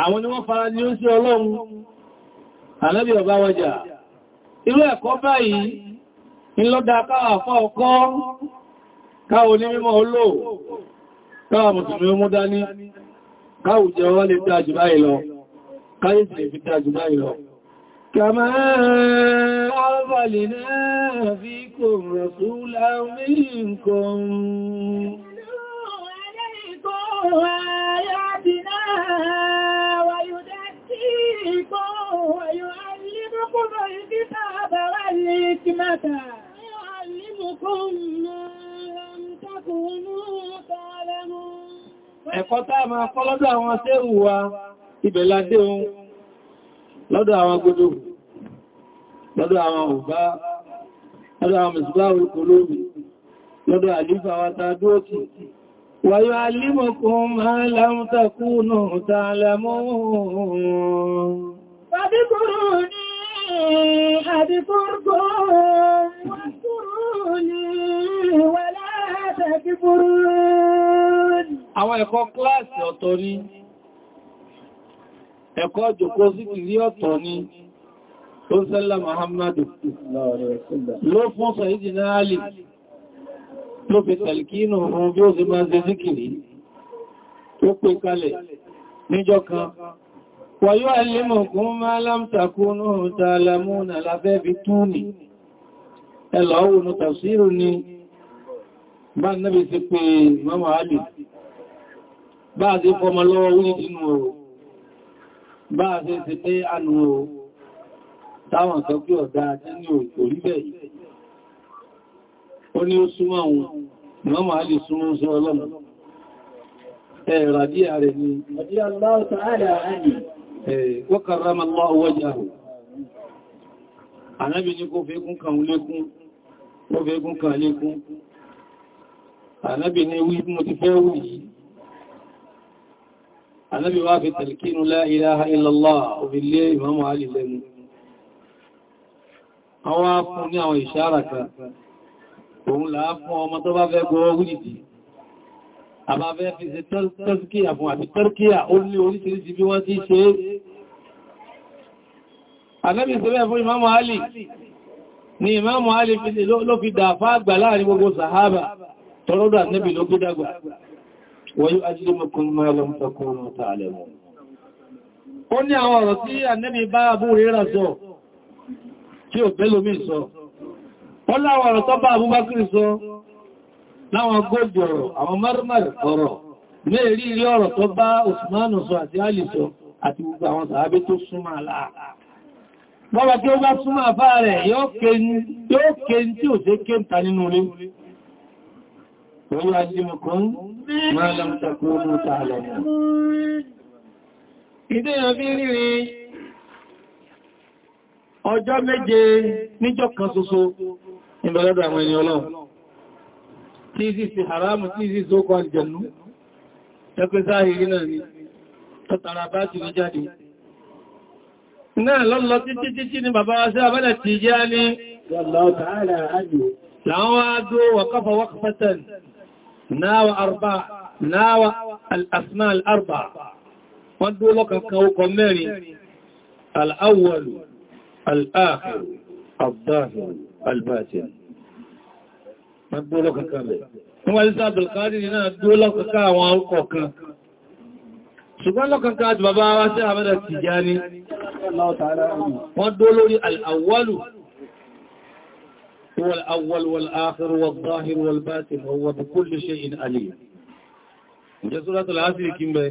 àwọn ni wọ́n fara ni ó sí Ọlọ́run anábí ọba wọn já káwò jẹ́ wọ́n lè dájú báyìí lọ káyèsì fi dájú báyìí lọ kàmà àbàlìnà fíkùn rọ̀súlà mínkùn ويعلمكم الكتاب والحكمة ويعلمكم ما لم تكونوا تعلمون Ẹ̀kọ́ tá a máa kọ́ àwọn ṣéhù wa, ibẹ̀ ládé ohun lọ́dọ̀ àwọn gbogbo lọ́dọ̀ àwọn òbá lọ́dọ̀ àwọn mẹ́sùgbá olóòmì lọ́dọ̀ àlífà wata dóòtì wàyọ̀ alímọ̀kún alámútakúnù tààlàmọ́ Àwọn ẹ̀kọ́ kíláàsì ọ̀tọ̀ ni ẹ̀kọ́ jòkó sí kìrí ọ̀tọ̀ ni ó sẹ́lá Muhammadu ló fún sàíjì náà lè ló fi tàlkínù ohun bí ó sì máa ṣe síkìrí ó pè kalẹ̀ níjọ́ kan wàyó alẹ́mọ̀kún máa lámtàkúnú tààlàmúnà lábẹ́ bí túnì ẹlọ́wọ́nù tàṣírù ni bá nábi sí pé mọ́mọ̀ alì bá àti fọmọ lọ́wọ́ wúrí nínú ọ̀rọ̀ bá a ṣe ti pé o táwọn sọ pé ọ̀dá ní orí O ó ní ó súnmọ́ òun ìmọ́mà á lè súnmọ́ sí ọlọ́run ẹ̀rà bí ni wọ́n karrama Allahu wajhahu ànábì Ànábì wá fi tàlkínú la ilaha illallah òbílé ìmọ́mọ̀ alì lẹ́nu. Àwọn afún ní àwọn ìṣáraka, òun làá fún ọmọ tó bá fẹ́ gbọ́ wújìdì. Àbá fẹ́ fi ṣe tọ́síkíyà fún àti tọ́síkíyà ó ní oríṣiríṣi bí wọ́n ti ṣe é. Ànábì ṣe bẹ́ẹ̀ fún ìmọ́mọ̀ alì ni ìmọ́mọ̀ alì ló fi dàfá àgbà láàrin gbogbo sàhábà tọ́lọ́dọ̀ Ànábì ló gbé dàgbà. ويؤجلكم ما لم تكونوا تعلمون ó ní àwọn ọ̀rọ̀ tí ànẹ́bí bá Abu Hurairah sọ tí ò bẹ́lómí sọ ó láwọn ọ̀rọ̀ tó bá Abubakar sọ láwọn góòdì ọ̀rọ̀ àwọn marmar ọ̀rọ̀ mẹ́rí ilé ọ̀rọ̀ ويعلمكم ما لم تكونوا تعلمون Ìdé ìrànbí rírí ọjọ́ méje níjọ́ kan ṣoṣo ìbẹ̀lẹ́dà àwọn ẹni ọlọ́run. Tí sí sí haramu tí sí sókò àjẹ̀nú, ẹgbẹ́ sáàrí náà ni, tọ́tàrà bá ti jáde. Náà lọ́lọ́ títí títí ni bàbá wa sí abẹ́lẹ̀ tìí jẹ́ ní, náwà àrùbá náwà al'asmá al'arba wọ́n dúró lọ́kànkan ọkọ̀ mẹ́rin al'awwalu al'akhiru al-zahiru al-batin wọ́n dúró lọ́kànkan rẹ̀ wọ́n wà ní sáàbùl kádìrí náà dúró lọ́kànkan àwọn ọkọ̀ kan ṣùgbọ́n lọ́kànkan àti bàbá wa sí àmẹ́dà Tìjání wọ́n dúró lórí al'awwalu هو الأول والآخر والظاهر والباطن هو بكل شيء عليم ǹjẹ́ Suratul Asr kí ń bẹ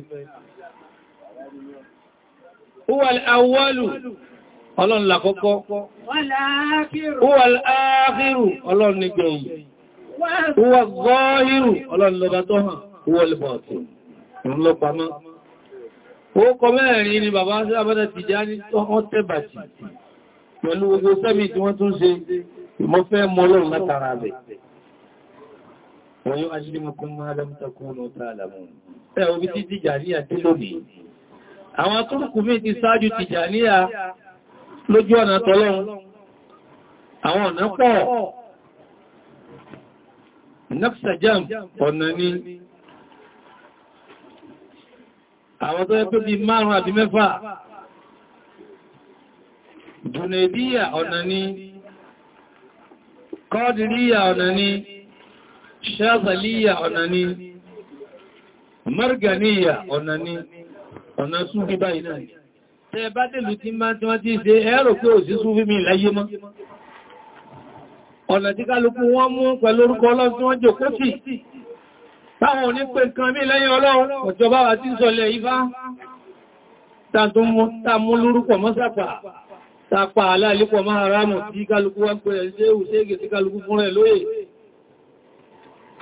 هو الأول ọlọ́run lákọ́kọ́ هو الآخر ọlọ́run nígbẹ̀yìn هو الظاهر ọlọ́run lọ́ba tó hàn هو الباطن ìrúnlọ́pamọ́ ó kọ mẹ́rin ni bàbá sí àbádà Tìjání tó hàn tẹ́bàtì pẹ̀lú gbogbo sẹ́bì tí wọ́n tún ṣe mo fẹ́ mọ́ lọ́rùn látara rẹ̀ wọ́n yóò aṣílé mọ́kún máa lọ́mùtakún lọ́ta àlàmù ẹ̀ obi tí Tìjàníyà tí lónìí àwọn akọ́kù mí ti sáájú Tìjàníyà lójú ọ̀nà tọ́lọ́run àwọn ọ̀nà pọ̀ nafsajam ọ̀nà ni àwọn kọ́dìríyà ọ̀nà ni ṣázàlíyà ọ̀nà ni marganiya ọ̀nà ni ọ̀nà súnfí báyìí náà tẹ bá dẹ̀lú tí máa tí wọ́n ti ṣe ẹ̀rọ pé ò sí súnfí mi láyé mọ́ ọ̀nà tí kálukú wọ́n mú pẹ̀lú orúkọ ọlọ́run tí wọ́n jòkó sí táwọn ò ní pé nǹkan mí lẹ́yìn ọlọ́run ọ̀jọba wà tí ń sọlẹ̀ ifá tàbí mú lórúkọ mọ́sàpàá tapa aláàlépọ̀ máa rámù tí kálukú wá pẹ̀rẹ̀ ṣe ò ṣéègì tí kálukú fún rẹ̀ lóyè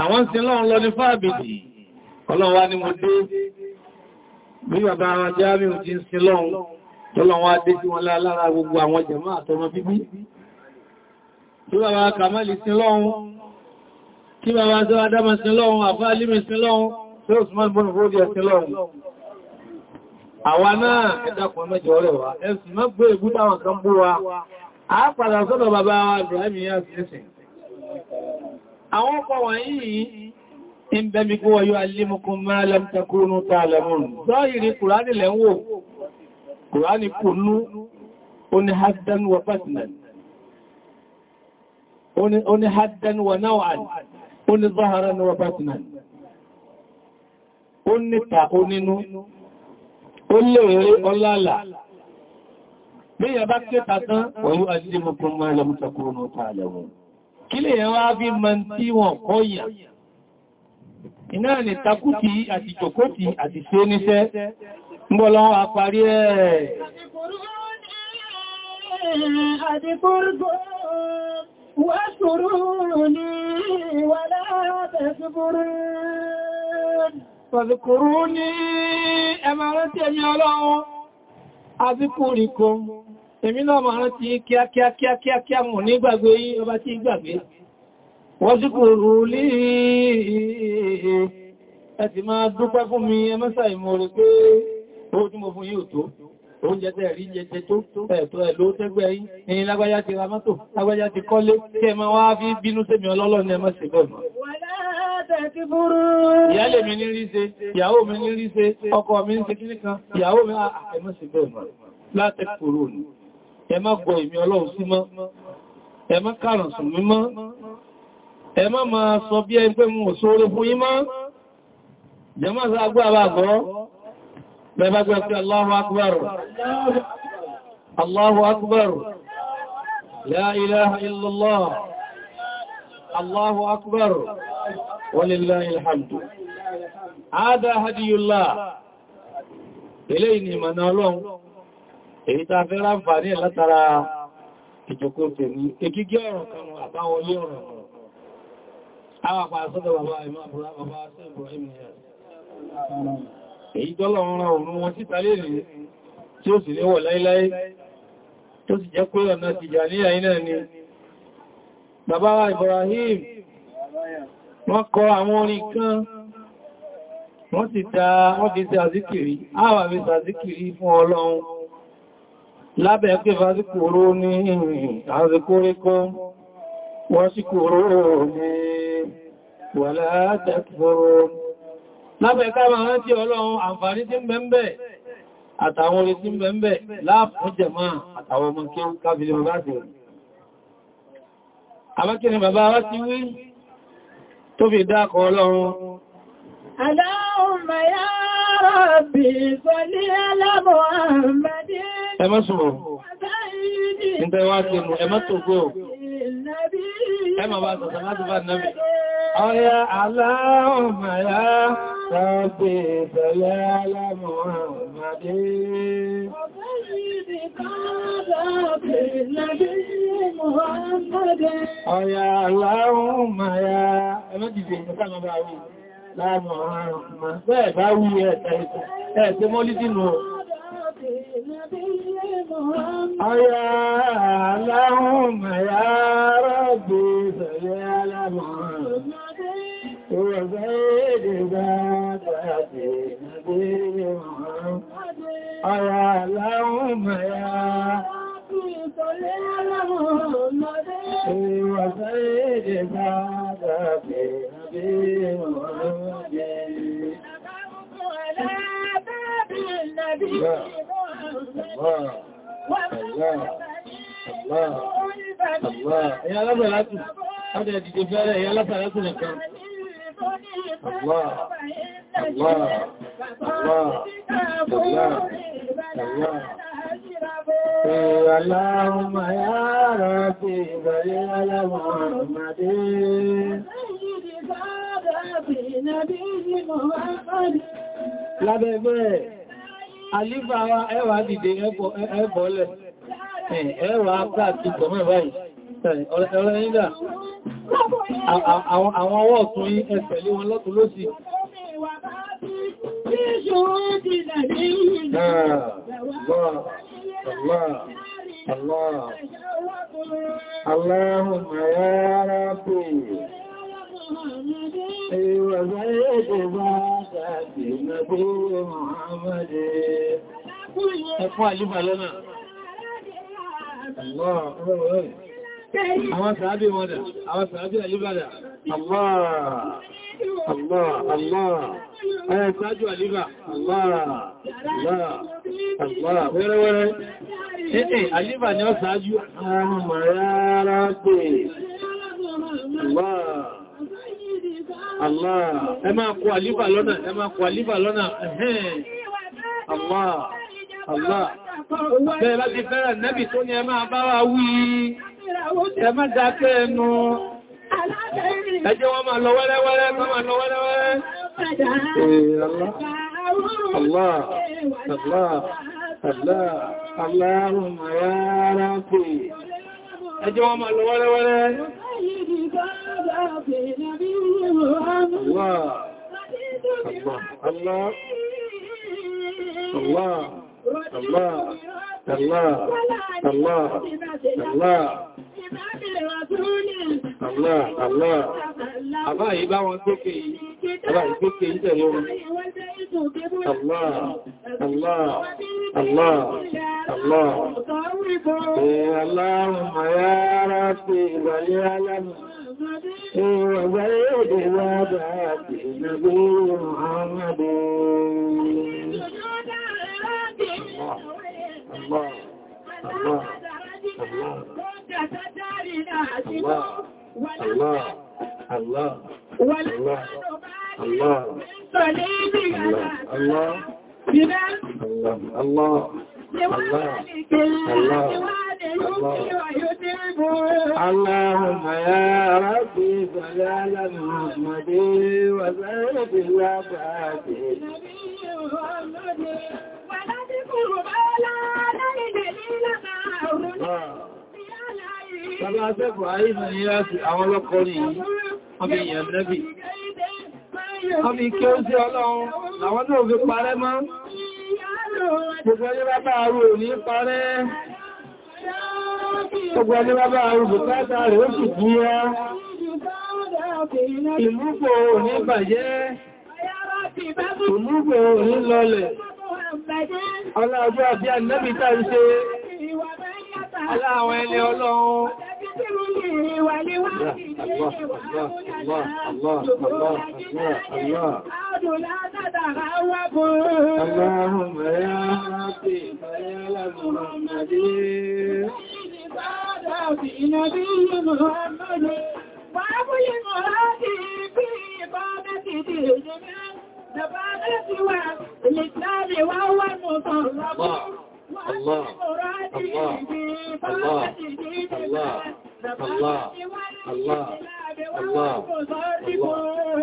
àwọn sí lọ́n lọ ní fáàbìdì ọlọ́wà ni mo dé bí bàbá ara jáàmìù ti ń sin lọ́n tọ́lọ́wà dé sí wọn lára gbogbo àwọn jẹ̀mọ́ àtọmọ àwa náà ẹ̀dàkùn mẹ́jọ rẹ̀ wá ẹ̀sùn mọ́ pé ìbú táwọn kan bú wa a padà sọ́dọ̀ bàbá wa Ibrahim yá sí ẹ̀sìn àwọn ọkọ̀ wọ̀nyí ń bẹ́mi kó wọ́yọ́ alímukún máa lẹ́mtakúrú haddan wa fatnan oní haddan wa wa fatnan oní ta onínú ó lèrè ọlálà bí yẹ bá kéta tán wọ́n wá sí mọ́kún máa lọ́mùtakúrò ní ọta àlẹ́wọ̀n kí lè yẹn wá bí ma ń tí wọ́n kọ́yà iná ni takútì àti jòkótì àti ṣe níṣẹ́ mbọ́lọ́wọ́ ni wà láàbẹ̀ ṣubúrú. Fàfikùrú ní ẹmà rántí ẹ̀yìn ọlọ́run, àfikúrìkún, èmi náà máa rántí kíákíákíákíá mọ̀ ní gbàgbé yí ọba tí gbàgbé. Wọ́n sí kò rú máa dúpẹ́ fún mi ẹmẹ́sà ìmọ̀ rẹ̀ pé ó tí mo fún yíò tó oúnjẹ tẹ́ rí jẹjẹ tó ẹ̀tọ́ ẹ̀ló tẹ́gbẹ́ yí ní lágbájá ti ra mọ́tò lágbájá ti kọ́lé kẹ́ wá fi bínú sẹ́mi ọlọ́lọ́ ní ẹmẹ́sì gọ́ọ̀mọ̀ tẹ̀kífúrú. Ìyálé mi ní rí ṣe, ìyàwó mi ní rí ṣe, ọkọ mi ń ṣe kí nìkan, ìyàwó mi àkẹ́mọ́ sí bẹ̀rẹ̀ láti kòrò ní. Ẹ má gbọ́ ìmí ọlọ́run sí mọ́, ẹ má kàrùn sùn mí mọ́, ẹ má máa sọ Allahu Akbar. ولله الحمد هذا هدي الله إليه من الله إذا فيران فاني لا ترى ìjọkó tèmi ekigi ọ̀rọ̀ kan àbáwọn olé ọ̀rọ̀ àwọn àpá sọ́dọ̀ bàbá ìmọ̀ àbúrá bàbá sí Ibrahim ni èyí tọ́lọ̀ ọ̀rọ̀ ọ̀run wọn sí tàlé rẹ̀ tí ó sì léwọ̀ láíláí tó sì jẹ́ pé ọ̀nà Tìjàníyà iná ni bàbá Ibrahim wọ́n kọ àwọn orin kan wọ́n ti dá wọ́n fi ṣe àzíkìrí àwà fi ṣe àzíkìrí fún ọlọ́run lábẹ́ pé fásíkòrò ní àzíkóríkó wọ́n síkòrò ní wàlá tẹ́kòrò lábẹ́ ká máa rántí ọlọ́run àǹfààní tí ń bẹ́m̀bẹ̀ àtàwọn orin tí ń bẹ́m̀bẹ̀ láàfún jẹ̀má àtàwọn ọmọ kí ń kábílẹ̀ bàbá tó fi dákọ̀ ọlọ́run Allahumma ya Rabbi salli ala Muhammadin ẹmọ́sùnmọ̀ ìtẹ́wàá ti mú ẹmọ́ tó gbò ẹmọ́ bá sọ̀sọ̀ láti bá náà ọ̀yá aláhùnmáyá rọ̀bì ìbẹ̀lẹ̀ alámọ̀hànmàdé. Ọ̀yá aláhùnmáyá ẹmọ́dìdì ìtàkàmọ́bà rí láàmọ̀hànmà. Bẹ́ẹ̀ bá wí aláhùnmáyá rọ̀bì ìbẹ̀lẹ̀ alámọ̀hànmà. زيد زادت نبي محمد أيا لهم يا صل على محمد وزيد زادت نبي محمد الله الله الله الله يا رب العالمين هذا دي فعلا يا رب العالمين اللهم يا ربي بليل محمد Lábẹ́gbẹ́ àlífà wa ẹwà dìde ẹbọ̀ọ́lẹ̀, ẹwà ti gọ̀mọ̀ báyìí ọ̀rẹ́ àwọn ọwọ́ ọ̀tún yí ẹsẹ̀ lé wọn lọ́tún lósì اللهم Ẹ̀fún àyíbà lọ́nà. Allah, ọ̀rọ̀ ọ̀rọ̀. Àwọn sàábì wọn dà, àwọn sàábì àyíbàdà. Allah, Allah, Allah. Àwọn sàájú àyíbà, Allah, Allah, Allah. Wẹ́rẹ́wẹ́rẹ́. Ṣé àyíbà ni ó sàájú? Àwọn màrárá pè. Allah, Allah. Ẹ máa kọ àlífà lọ́nà, ẹ máa kọ àlífà lọ́nà. Allah, Allah. Bẹ́ẹ̀ láti fẹ́ràn nẹ́bì tó ní ẹ máa bá wa wí. Ẹ má dákẹ́ ẹnu. Ẹ jẹ́ wọ́n máa lọ wẹ́rẹ́wẹ́rẹ́, wọ́n Allah, Allah, Allah, Allahumma ya Rabbi. Ẹ jẹ́ wọ́n máa Allah, Allah, Allah. Àbá yìí bá wọn gbókè yìí, àbá ìgbókè yìí tẹ̀lé wọn. Allah, Allah, Allah, Allah. Ẹ̀ Allahumma ya rabbi ìbàlẹ̀ alámi. وزيد وبعد نبي محمد اللهم يا ربي صل على محمد وسلم بالعباد Bàbá Asẹ́kù Àìsà ní láti àwọn ọlọ́kọ́ ní ọmọ èèyàn lẹ́bì. Ọmọ ìké ó sí ọlọ́run, àwọn náà fi parẹ́ mọ́. Gbogbo ẹni bàbá arú ò ní parẹ́. Gbogbo ẹni bàbá arú bùkátà rẹ̀ ó sì bí ya. Ìlúgbò ò ní Ọlọ́ọ̀jọ́ àbí ànẹ́bì tá ń ṣe aláwọn ẹni ọlọ́run. Allahumma ya Rabbi, ya Muhammadin. في نبي محمد وابي مرادي في إقامة دين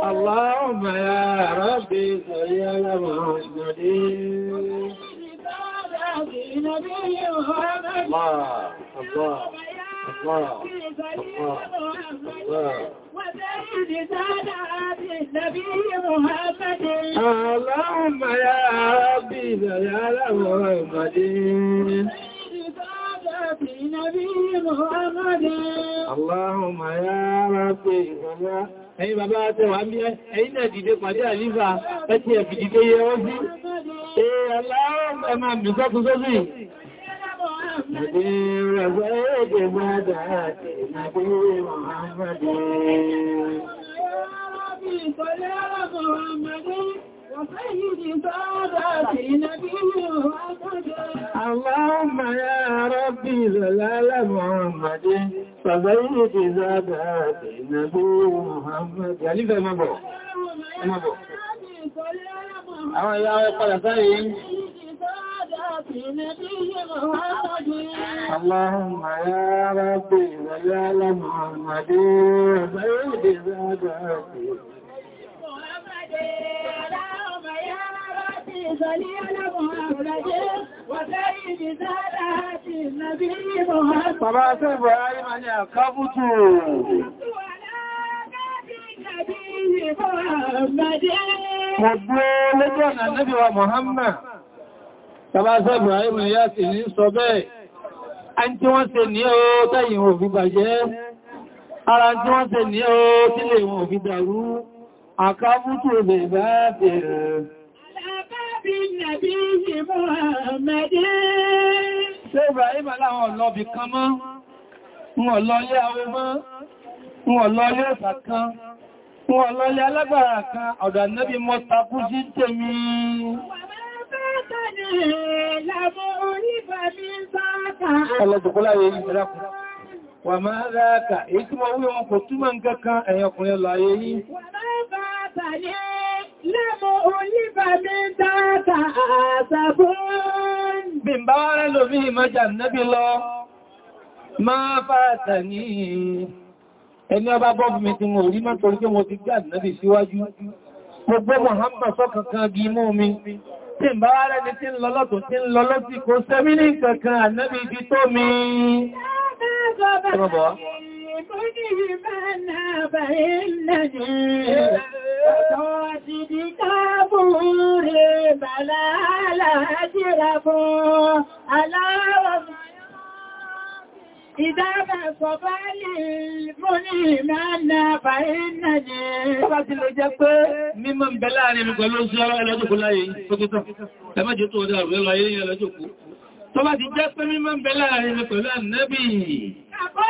اللهم يا ربي سيال محمد الله الله اللهم يا عبيد يا محمد اللهم يا ربي يا ẹ̀yin bàbá tẹwàá bí ẹ̀yin náà dìde pàdé àlífà ẹ̀tì ẹ̀fìdìdé yẹ wọ́n sí ẹ̀yà láàrín ẹ̀mà mìsọ́kùsọ́sì نبيل زيد مدعات نبي محمد يا ربي صل على محمد وسيد سادات نبي محمد اللهم يا ربي صل على محمد وسيد سادات نبي محمد يا ليفا ما بو ما بو àwọn ìyá ọ̀pọ̀lọpọ̀ yìí اللهم يا ربي ويا محمد بيد ذاتك اللهم يا ربي صلي محمد وسيد ذاتك النبي محمد صلاة إبراهيم أن يقبط Mo gbé lójú ọ̀nà Nàbíwa Mùhammad. Bàbá Ibrahim Yasi ní sọ bẹ́ẹ̀, ẹni tí wọ́n ṣe ní ó tẹ́yìn òfin bàjẹ́, ara tí wọ́n ṣe ní ó tílé wọn òfin dàrú, àkábútù lè bá bẹ̀rẹ̀. Alábábí Nàbí Muhammadi. Ṣé Ibrahim aláwọn ọlọ́bì kan mọ́, wọn lọlé awé mọ́, wọn lọlé ọ̀sà kan, wọn lọlé alágbára kan, ọ̀dọ̀ Nàbí Mọ́ta kú sí tèmi. Wọ́n Ọlọ́dùkúláyé ìrẹ́kùn. Wà máa rákà, èyí tí wọ́n wí wọn kò túnmọ̀ ń kankan ẹ̀yàn ọkùnrin láyé yìí. Wà máa bá tàyé lẹ́mọ̀ oníbàmí dáadáa àtàbùn. Bí n bá wá rẹ́ lómi ìmọ́jà nẹ́bí lọ, mi ti mọ̀ orí mọ́ torí pé mo mi tí ń bá rẹni tí ń lọ́lọ́tò tí ń lọ́lọ́tì kò sẹ́mí ní kankan ànábì ibi tó mi Aláwọ̀ Ìdára sọ̀bá lè fún ní ìmẹ́nà bàí nàní. Bá ti lè jẹ́ pé mímọ̀ ń bẹ láàrin mi pẹ̀lú sí ọ̀rọ̀ ẹlẹ́jòkó láyé fókítọ̀. Ẹmẹ́jò tó ọdá ọ̀rẹ́lọ ayé ẹlẹ́jòkó. Tó bá ti jẹ́ pé mímọ̀ ń bẹ láàrin mi pẹ̀lú ànẹ́bì. Àbọ́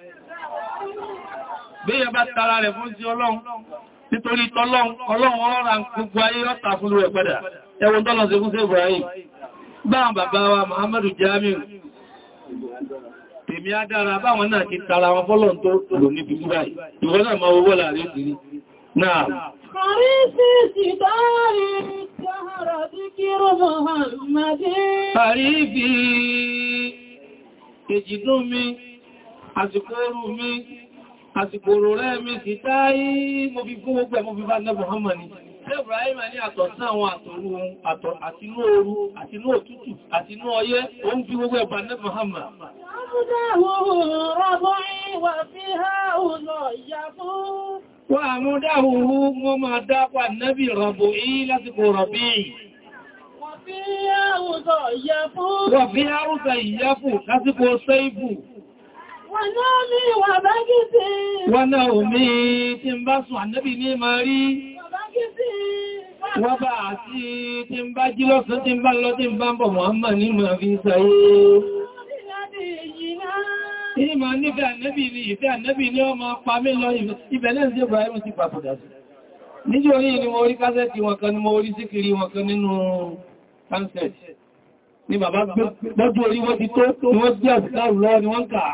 bí yẹn bá tara rẹ̀ fún sí ọlọ́run nítorí tọ́lọ́run ọlọ́run ọ̀rọ̀ gbogbo ayé ọ̀tà fún rẹ̀ padà ẹwọ́n tọ́lọ́ sí fún sí Ibrahim báwọn bàbá wa Muhammadu Jamiu tèmi á dára báwọn náà ti tara wọn fọ́lọ́n tó lò ní bí báyìí ìwọ́n náà máa owó láàrin ìdírí èjìdún mi, àsìkò àsìkòrò rẹ̀ mi sì táyí mo fi fún gbogbo ẹ̀mọ́ fi bá ní Muhammad ni Ibrahima ní àtọ̀sán àwọn àtòrú ohun àtinú ooru àtinú òtútù àtinú ọyẹ́ ó ń fi gbogbo ẹ̀bà ní Muhammad Wà mú dáhùrú mo máa dápa nẹ́bì rọ̀bù yí lásìkò rọ̀bí. Wà fi áhùsọ̀ ìyẹ́fù lásìkò sẹ́ìbù. Wọ́n náà omi tí ń bá sùn ànábì ní máa rí. Wọ́n bá àti tí ń bá jí lọ́sán tí ń bá lọ tí ń bá ń bọ̀ Muhammad ní máa fi sáyé. Ìní máa nífẹ́ ànábì ní ìfẹ́ ànábì ní ọmọ pa mí lọ ìbẹ̀lẹ́ ni mo rí kásẹ̀tì wọn kan ni mo rí síkiri Ni bàbá gbọ́dọ̀ orí wọ́n ti tó, ni wọ́n jẹ́ àsìkáàrù lọ́wọ́ ni wọ́n kàá.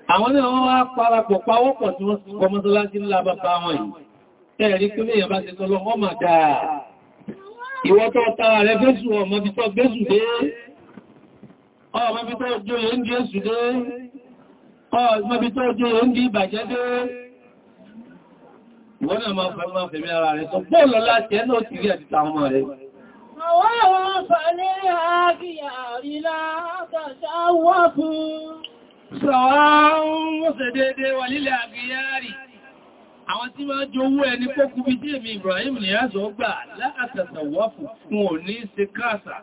àwọn náà wọ́n wá parapọ̀ pawọ́pọ̀ tí wọ́n kọ mọ́sálásí ńlá bàbá wọn yìí ẹ̀rí pé lè yàbá ti tọ́lọ ọmọ dáa ìwọ́ tó tara rẹ̀ bẹ́sù ọmọ bí tọ́ bẹ́sù dé ọmọ bí tọ́ jóye ń di èsù dé ọmọ bí tọ́ jóye ń di ìbàjẹ́ dé wọ́n náà máa fẹ́ máa fẹ̀mí ara rẹ̀ sọ bọ́ọ̀lọ láti ẹ́ náà ti rí àti tàwọn ọmọ rẹ̀ Àwọn àwọn fàlẹ́ àkíyà rí látàṣà wà fún sọ̀wọ́n mọ́sẹ̀ dédé wà lílẹ̀ àgbìyàrí àwọn tí máa jowó ẹni kókù bí jẹ́mi Ibrahim ni yá sọ gbà láàtàtà wọ́fù fún ò ní ṣe káàsà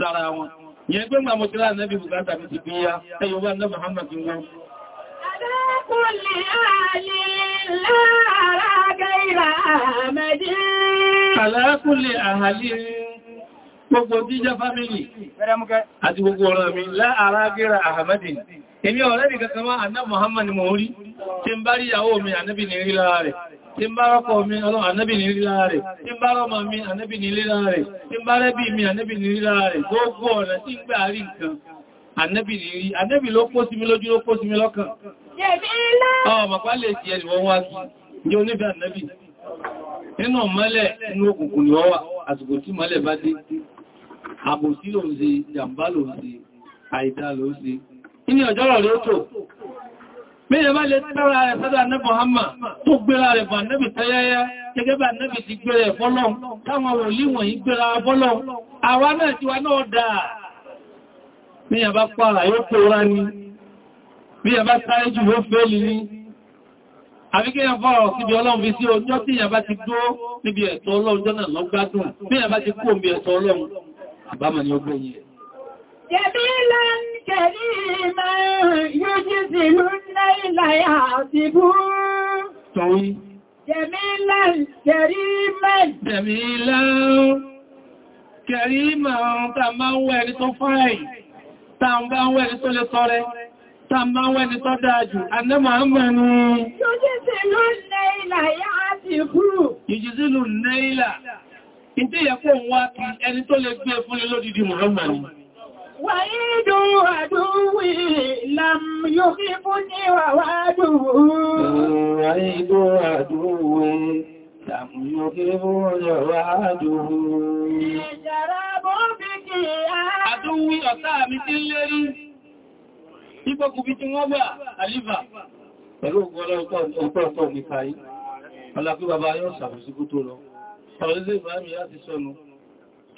lára wọn yẹn pé máa mọ́sílá nẹ́bí bukata fi ti bí ya ẹyọ bá nẹ́bà Muhammad fi wọ́n Àlákùnlé àhàlì gbogbo jíjá fámílì àti gbogbo ọ̀rọ̀ mi láàrágẹ́ra Ahmadin èmi ọ̀rẹ́ nìkan kan wá àná Muhammad mọ̀ orí tí ń bá rí ìyàwó mi ànábì ní rí lára rẹ̀ tí ń bá rọ́pọ̀ mi ọlọ́run ànábì ní rí lára rẹ̀ tí ń bá rọ́mọ mi ànábì ní rí lára rẹ̀ tí ń bá rẹ́bí mi ànábì ní rí lára rẹ̀ gbogbo ọ̀nà tí ń gbà rí nǹkan ànábì ní rí ànábì ló kó sí mi lójú ló kó sí mi lọ́kàn ọmọ pálẹ̀ ti ẹni wọ́n wá sí ní oníbẹ̀ ànábì nínú mọ́lẹ̀ inú òkùnkùn ni wọ́n wà àsìkò tí àìdá lòun ṣe ní ọjọ́rọ̀ rẹ̀ tó mẹ́rin bá lè tẹ́ra rẹ̀ sọ́dá nẹ́bù hama tó gbéra rẹ̀ bà nẹ́bì tẹ́yẹyẹ gẹ́gẹ́ bà nẹ́bì ti gbéra ẹ̀ fọ́lọ́ táwọn òlí wọ̀nyí gbéra fọ́lọ́ àwa náà ti wá náà dáa mẹ́rin bá pààrà yóò pòórá ní mẹ́rin bá sáré jù ló fẹ́ lì ní àbíkẹ́ yẹn fọ́rọ̀ síbi ọlọ́run fi sí ọjọ́ tí ìyàn bá ti dúró níbi ẹ̀tọ́ ọlọ́run jọ́nà lọ́gbádùn bí ìyàn bá ti kú òmì ẹ̀tọ́ ọlọ́run àbámọ̀ ni ó gbẹ̀yìn جميلا كريما يجزل الليل يعذب طوي جميلا كريما جميلا كريما tàbá ń wẹ́ ẹni tó fáì tàbá ń wẹ́ ẹni tó lè tọrẹ tàbá ń wẹ́ ẹni tó dájú anẹ́mà ń mẹ́ ní yójísílù nẹ́ìlà yá ti kú yójísílù nẹ́ìlà ìdíyẹ̀kọ́ wá kí ẹni tó lè gbé fún lódìdí Muhammad وعيد عدوي لم يخفني ووعده وعيد عدوي لم يخفني ووعده شراب بك عدوي ọ̀tá mi tí ń lérí ìgbọ́kùnbí tí wọ́n gbà àlífà pẹ̀lú ọgbọ́lọ́ ọ̀pọ̀ ọ̀pọ̀ nípa yìí ọlá pé bàbá yóò sàbòsíkú tó lọ ọ̀rẹ́lẹ́ ìbámi láti sọ́nu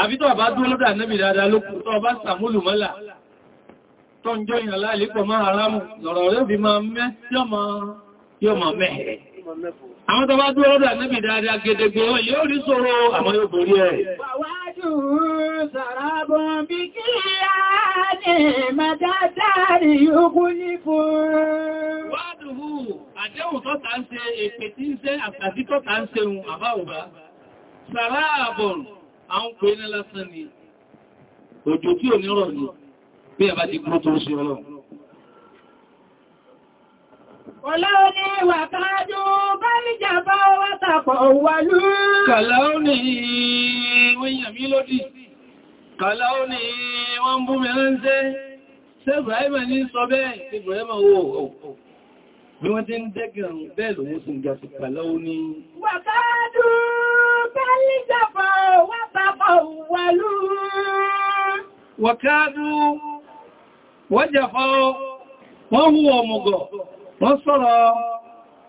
àbí tó bá dúró lọ́dọ̀ ànábì dáadáa ló kù tó bá sàmúlù mọ́là tó ń jọ ìrìnlá ìlépọ̀ máa haramu lọ̀rọ̀ rẹ̀ bí máa mẹ́ yóò máa mẹ́ẹ̀rẹ̀ àwọn tó bá dúró lọ́dọ̀ ànábì dáadáa gẹ̀dẹ̀gbẹ̀ wọn a ń pè ní lásán ni òjò tí ò nírọ̀ ni bí ẹ̀bá ti kúrò tó ń ṣe ọlọ́run Ọlọ́ni wà káájú bá níjà bá wátàpọ̀ wàlú. Kàláónì wọ́n yà mí lódì. Kàláónì wọ́n bú mi ránṣẹ́. Ṣé Ibrahim ní sọ bẹ́ẹ̀? Ibrahim owó ọ̀pọ̀. Bí wọ́n ti ń dẹ́gẹ̀rún bẹ́ẹ̀ lòun sì ń ga sí kàláónì. Wà káájú تلجفا وتطولوا وكانوا وجفوا وهو مغو وصرا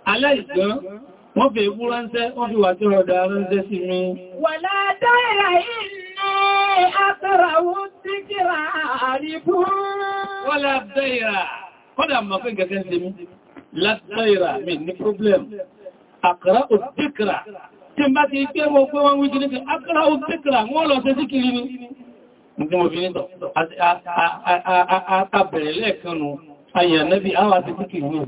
عليكم wọ́n fi ikú ránṣẹ́ wọ́n fi wà tí ọ̀dá ránṣẹ́ sí mi. wà látàrà iná àtàràwò tí kíra àríbú. wọ́n látàrà kọ́dà mọ̀ pé gẹ̀gẹ́ sí tí bá ti pé wọ́n pé wọ́n wíjì nígbà akọ́lá ó tẹ́kìlà wọ́n lọ sí sí kiri ní tí mo fi ní tọ̀ àtàbẹ̀rẹ̀ lẹ́ẹ̀kan nù ayẹ̀ nẹ́bí àwà sí sí kiri ní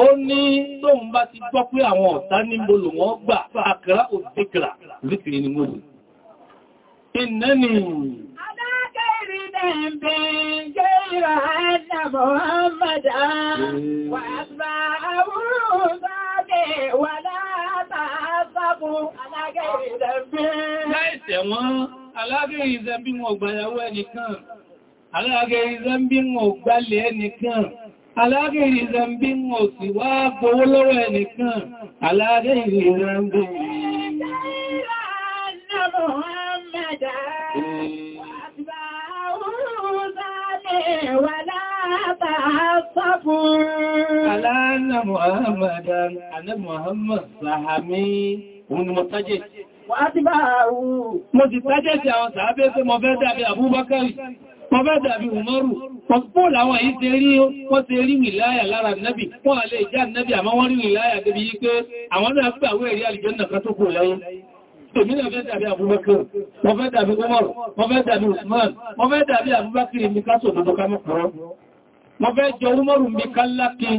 ó ní tóun bá ti gbọ́ pé àwọn ọ̀tá ni mo lè ذنب غير أن محمدا وأتباعه صادق ولا تعصبوا على غير ذنب láìṣẹ̀ wọ́n alágẹ̀rẹ̀ ìzẹ́bí wọn ẹnìkan alágẹ̀rẹ̀ ìzẹ́bí wọn gbálẹ̀ ẹnìkan Muhammad Sàhàmí òun ni mo tájẹ̀. Wà á ti bá àrùn. Mo ti tájẹ̀ sí àwọn sàábé pé mo fẹ́ dàbí Abubakari, mo fẹ́ dàbí Umaru, pọ̀pọ̀ làwọn yìí ṣe rí wọ́n ṣe rí wìláyà lára nẹ́bì, wọ́n alẹ́ ìjá nẹ́bì àmọ́ wọ́n rí wìláyà débi yí pé àwọn náà gbàwé rí àlìjẹ́nà kan tó kò lẹ́yìn. Èmi náà fẹ́ dàbí Abubakar, mo fẹ́ dàbí Umar, mo fẹ́ dàbí Usman, mo fẹ́ dàbí Abubakar ká sọ̀dọ̀dọ̀ ká mo fẹ́ jẹ orúmọ́rù mi kálákí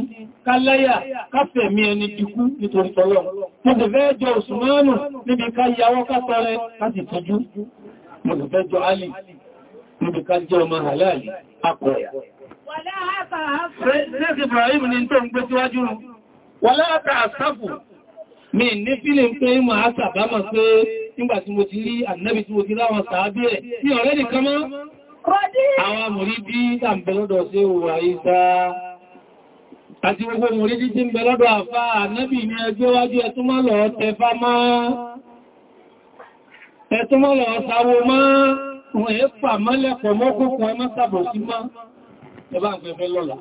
káláyà káfẹ̀ mi ẹni dìkú nítorí tọ́lọ́ mo sì fẹ́ jẹ òsùnmọ́nù níbi ká yàwó kátọrẹ láti tọ́jú mo sì fẹ́ jọ alì níbi ká jẹ ọmọ àláàlì akọ̀ọ̀yà mi ní fílẹ̀ pé mọ̀ á sàbámọ̀ pé nígbàtí mo ti rí ànábì tí mo ti ráwọn sàábí ẹ̀ ní ọ̀rẹ́ àwọn mùrídí tà ń bẹ̀lọ́dọ̀ sí òwà ìsá àti gbogbo mùrídí tí ń bẹ̀lọ́dọ̀ àfá ànábì ní ẹjọ́ wájú ẹtúmọ́lọ̀ tẹfá máa ẹtúmọ́lọ̀ sáwó máa wọ́n èé fà mọ́lẹ̀pọ̀ mọ́kúnkún ẹmọ́ sàbò sí máa ẹbá ń fẹ́fẹ́ lọ́la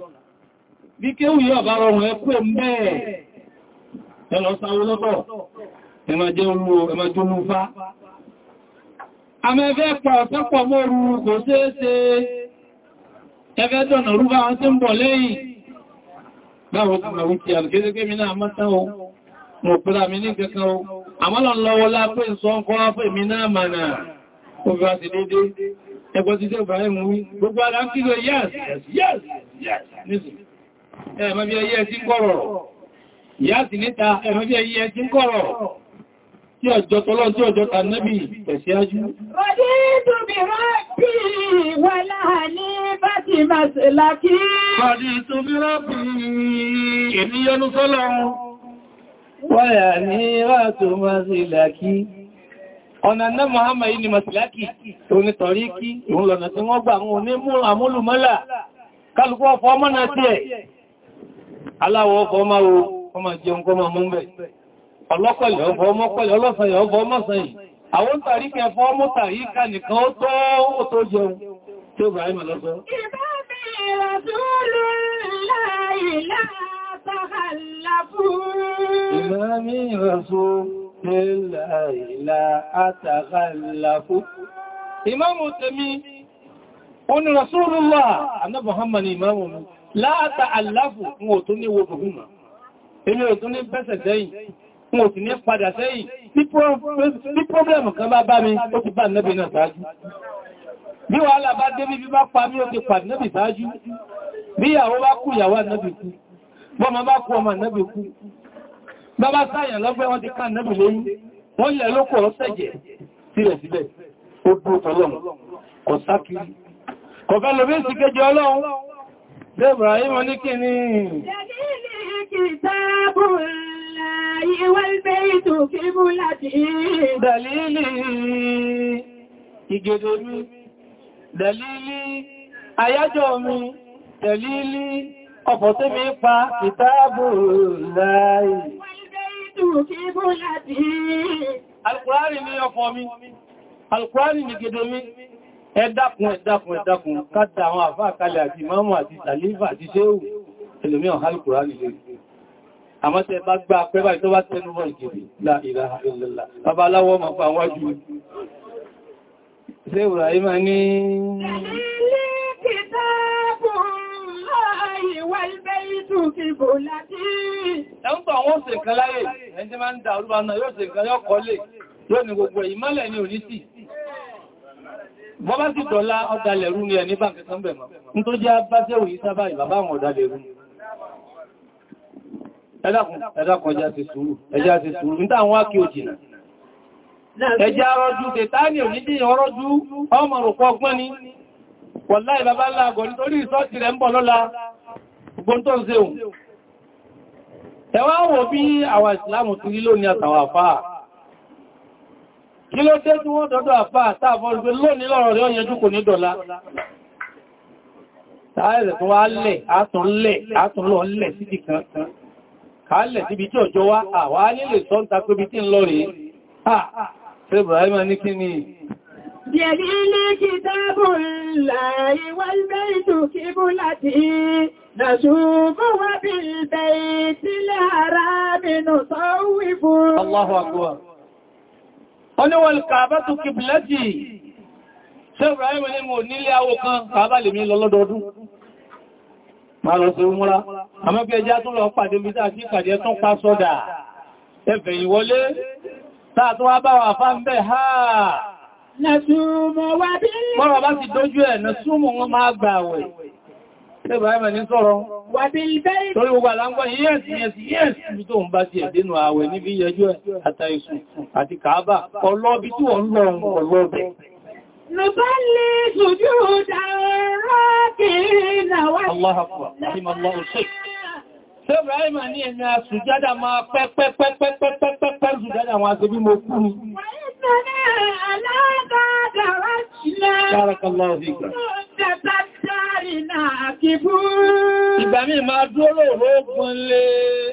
bí kéwù yọ bá rọrùn ẹkú ẹmẹ́ ẹlọ sáwó lọ́tọ̀ ẹmọ́ jẹ́ olú ẹmọ́ jẹ́ olú amẹ́fẹ́ pa ọ̀tọ́pọ̀ mọ́rú kò ṣeéṣe ẹfẹ́ dọ̀nà rúbá wọn tí ń bọ̀ lẹ́yìn báwọn kàwí ti àrùkéṣẹ́gbé mi náà mọ́ta o mọ̀ pẹ́lá mi ní kẹkàn o àmọ́lọ̀ lọ́wọ́ lápẹ́ ìsọ́nkọ́ fẹ́ mi náà mànà òfin àti dédé ẹgbọ́ ti tẹ́gbà ẹ̀mù tí ọjọ́ tọ́lọ́ tí ọjọ́ ta nẹ́bì tẹ̀síájú. Rọ̀dí túnbí rọ́pì wà láàní bá ti máa ṣe lákí. Rọ̀dí túnbí rọ́pì èmi yọ́nú sọ́lọ́ Wọ́yà ní ráàtò máa ṣe lákí. Ọ̀nà náà Mọ̀hámà yìí ni Màsìlákì, òun ni tọ̀ríkí, òun lọ̀nà tí wọ́n gbà wọn ní mú àmúlùmọ́là, kálùkú ọ̀fọ́ ọmọ náà tí ẹ̀. Aláwọ̀ ọkọ̀ ọmọ ọlọ́pọ̀lẹ̀ ọ̀bọ̀ ọmọpọ̀lẹ̀ ọlọ́sànyẹ̀ ọ̀bọ̀ ọmọsànyẹ̀ àwọn tàrí kẹfọ́ ọmọ tàrí ká nìkan ó tó ó tó jẹun tí ó Ìmáàmù tèmi, ó ní Rasulullah, Ànábì Muhammad ìmáàmù mi, la ataghallafu, mo tún ní wo bùhùmà, èmi ò tún ní bẹ́sẹ̀ dẹ́yìn, wọn ò sì ní padà sẹ́yìn tí pọ́blẹ̀mù kan bá bá mi ó ti bá nẹ́bì náà sáájú bí wàhálà bá débí bí bá pa mí ó ti pàdé nẹ́bì sáájú bí ìyàwó bá kú ìyàwó nẹ́bì kú bọ́mọ bá kú ọmọ nẹ́bì kú bàbá sáyàn lọ́gbẹ́ wọn ti ká nẹ́bì lẹ́yìn wọ́n والبيت قبلتي دليلي ìgèdè mi dẹ̀lílí ayájọ́ mi dẹ̀lílí ọ̀pọ̀ tí mi pa kìtàbù láì alkùránì ni ọ̀pọ̀ mi alkùránì ni gèdè mi ẹ̀dàkùn ẹ̀dàkùn ẹ̀dàkùn kádà àwọn àfáà kalẹ̀ àti mọ́mù àti tàlífà àti ṣéhù ẹlòmí ọ̀hálùkùránì lórí àmọ́ tẹ bá gbá pẹ́bà tó bá tẹnu mọ́ ìgèrè la ilaha illallah babaláwọ́ ma fa wájú ṣe ìwòràímà ní Ẹ̀mùtọ̀ àwọn ṣe nǹkan láyé, ẹni tí máa ń da olúwa náà yóò ṣe nǹkan yóò kọ́lé, yóò ní gbogbo èyí mọ́lẹ̀ ní òní sí. Bọ́bá sì dọ̀lá ọ̀dàlẹ̀rú ni ẹni bá kẹsàn bẹ̀mọ̀. Ní tó jẹ́ bá jẹ́ òyí sábà ìbàbá àwọn ọ̀dàlẹ̀rú ni ẹ̀dàkùn ẹjá ti sùúrù ẹjá ti sùúrù ní táwọn ákí òjìnà ẹjá rọ́jú tètàní ò ní dí ọrọ́jú ọmọ òrùkọ ọgbọ́n ni wọ̀lá ìbàbá láàgọ̀ nítorí ìsọ́tì rẹ̀ ń bọ̀ lọ́la gbọ́n tó ń se òun ẹwà wò bí àwọn ìsìláàmù ti rí lónìí àtàwọn àfáà kí ló dé tí wọ́n dọ́dọ̀ àfáà táàbọ̀ rẹ̀ lónìí lọ́rọ̀ rẹ̀ ọ̀yẹn jùkò ní dọ̀lá táàrẹ̀ tó wá lẹ̀ átùnlẹ̀ átùnlọ̀ lẹ̀ sídì kan kálẹ̀ síbi tí ọjọ́ wá àwá nílè sọ́ntà pé bí tí ń lọ rí ṣe Ibrahim ní kí ni Yẹ̀lí ní kìtàbù láàrin wọ́n bẹ́ẹ̀ tó kíbù láti nàṣùgbọ́ Allahu akbar. Ó ní wọ́n kàbá tó kíbù láti ṣe Ibrahim ní mo nílé awó kan kàbá máa lọ sí múra àmọ́ bí ẹjá tún lọ pàdé bí tàà sí pàdé tún pa sọ́dà ẹfẹ̀ ìwọlé tàà tún wá bá wà fá ń bẹ̀ ha mọ́rọ̀ bá ti dójú ẹ̀ na súnmù wọn máa gbà àwẹ̀ Ẹbàáyẹ̀mẹ̀ ní sọ̀rọ̀. Torí gbogbo àlágbọ́n yẹ́sì yẹ́sì yẹ́sì tó ń bá ti ẹ̀dínú àwẹ̀ níbi yẹjú ẹ̀ àtàìsùn àti kàábà ọlọ́bí tí wọ́n نبلي سجود الراكعين الله أكبر رحم الله الشيخ Ṣé Ibrahim ní ẹ̀nà sùjádà máa pẹ́pẹ́pẹ́pẹ́pẹ́pẹ́ sùjádà wọn aṣe bí mo kú ní? Bárakàláwà sí ìgbà. Ìgbà mí máa dúró lóògùn lé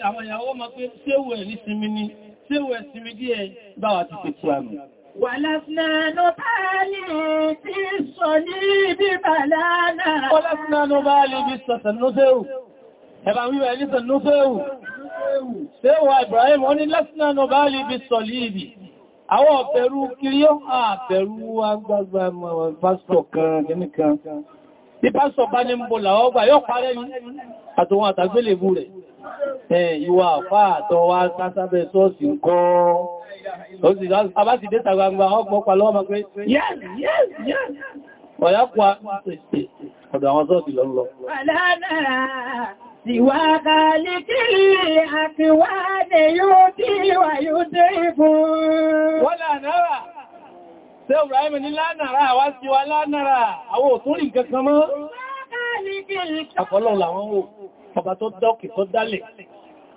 àwọn ìyàwó máa pé ṣéwẹ̀ ní sinmi ní, ṣéwẹ̀ sinmi díẹ̀ báwa ti pẹ̀tù àmì. Wàlásínà ló bá lè tí sọ ní ibi bàlánà. Wàlásínà ló bá lè bí sọ̀tànúfẹ́wù. wíwẹ̀ ní sọ̀tànúfẹ́wù. Ṣé wà Ibrahim, wọ́n ní lásínà ló bá lè bí sọ líbi. Àwọn ọ̀pẹ̀rú kiri ó hàn pẹ̀rú agbágbà pásítọ̀ kan nìkan. Bí pásítọ̀ bá ní mbò làwọ́ gbà yóò parẹ́ ní àtòwọn Àbá ti déta gbangba ọgbọ́ pa lọ́wọ́ ma pé, yes, yes, yes. Ọ̀yá pa ọ̀dọ̀ àwọn sọ́ọ̀tì lọ lọ. Àlánàrà yóò tí wà yóò dé ìbùn. Wọ́n lánàrà, ṣé Ibrahim ní lánàrà, wá sí wa lánàrà, àwọn òtún rí nǹkan kan mọ́. Àkọlọ́ làwọn wò, ọba tó dọ́kì tó dálẹ̀.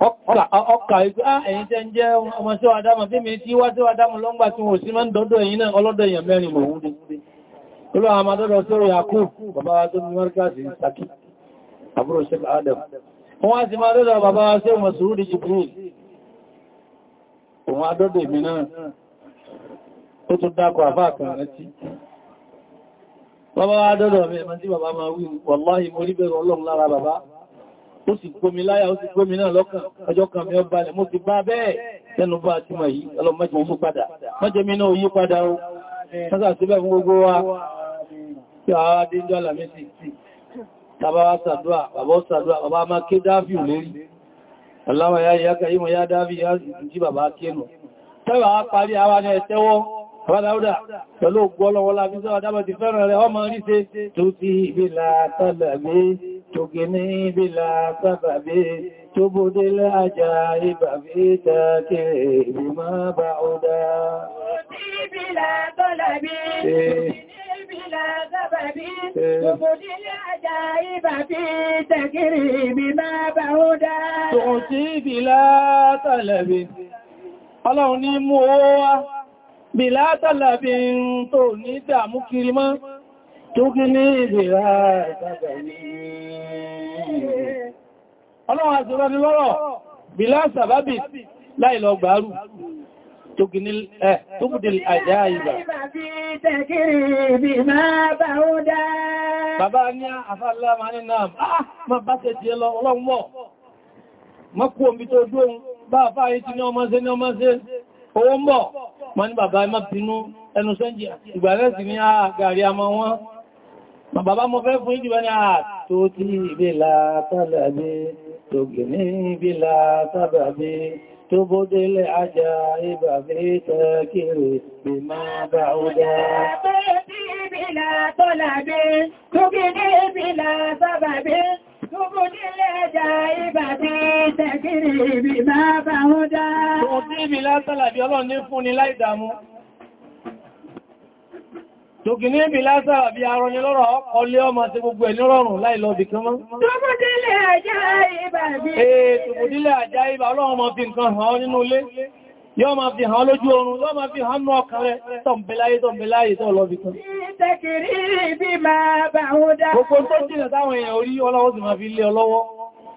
ọkà ìgbé ah, ẹ̀yìn tẹ́ ń jẹ́ ọmọ sí àdámà tí mi tí wá sí àdámà lọ́ngbà tí wọ́n sí máa ń dọ́dọ̀ ẹ̀yìn náà ọlọ́dọ̀ èèyàn mẹ́rin mọ̀ wúdí olú àwọn adọ́dọ̀ sórí àkú bàbá tó ní mọ́ríkàsì saki àbúrò sí adam wọ́n á sì máa dọ́dọ̀ bàbá sí ọmọ sùúrù di jibril òun adọ́dọ̀ èmi náà ó tún dákọ̀ mi ẹ̀mọ́ tí bàbá máa wí wàláhì mo rí bẹ̀rẹ̀ ọlọ́run lára bàbá ó sì gómi láyà ó sì gómi náà lọ́kàn ọjọ́ kan mi ọba lẹ̀ mo ti bá bẹ́ẹ̀ tẹnu bá ti mọ̀ yìí ọlọ́mọ́jẹ́ mú padà mọ́jẹ́mí náà yí padà ó sọ́sà fún gbogbo wa tí a wá déjọ́ àlàmẹ́sì tàbá wá sàdúà bàbá sàdúà bàbá má ké dáfì ò lérí ya ìyáka yí mọ̀ yá dáfì yá ìjí bàbá kéènù tẹ́wà á parí àwà ní ẹ̀tẹ́wọ́ Àbádáúdà pẹ̀lú ògbọ́lọ́wọ́lá bí sọ́wọ́ dábà ti fẹ́ràn rẹ̀ ọmọ rí ṣe tó ti ìbílà tọ́lẹ̀ gbé تغني بلا سبب تبد العجائب في تاكره بما بعدا تغني بلا طلب تغني بلا سبب تبد العجائب في تاكره بما بعدا تغني بلا طلب Ọlọ́run ní mú owó wá, bìlátàlàbí tó ní dàmú kiri mọ́, Tókílé ìbìrà ìtàkà ní ọlọ́run àti ọlọ́ni lọ́rọ̀, bìlá sàbábì láìlọ gbàárù, tókùdìl àjá ìbà. Bàbá ní àfàlá ma ní náà, ah, ma bá tẹ́ jẹ lọ, ọlọ́run mọ́, mọ́ kú omi tó dóhun, bá àfáà yìí ti ní ọmọ sí ní ọmọ sí, owó ah, mọ́, ma baba mo fe fún ìdíwẹ́ ní àtò tí ìbílá sábàbí tó gìní ìbílá sábàbí tó bódélé ajá ìbàbí tẹ́kiri bí máa bá ó dá Ìbílá tọ́làbí, tó gìní ìbílá sábàbí, tó bódélé ajá ìbàbí tẹ́kiri bí máa bá ó dá. Òtí ìbílá tọ́làbí ọlọ́run ní fún ni láìdàmú. Tòkì ní ibi lásàrà bí arọni lọ́rọ̀ ọlé ọmọ sí gbogbo ẹ̀ nírọ̀rùn láìlọ́bì kan mọ́. Tòbòdílẹ̀ àjá ìbà bí. Èè tòbòdílẹ̀ àjá ìbà ọlọ́run ma fi nǹkan hàn nínú ilé, yọ́ ma fi hàn lójú kan rẹ̀ tọ̀m̀bẹ̀láyé tọ̀m̀bẹ̀láyé tọ̀lọ́bì kan. bí máa bà ó dá. Gbogbo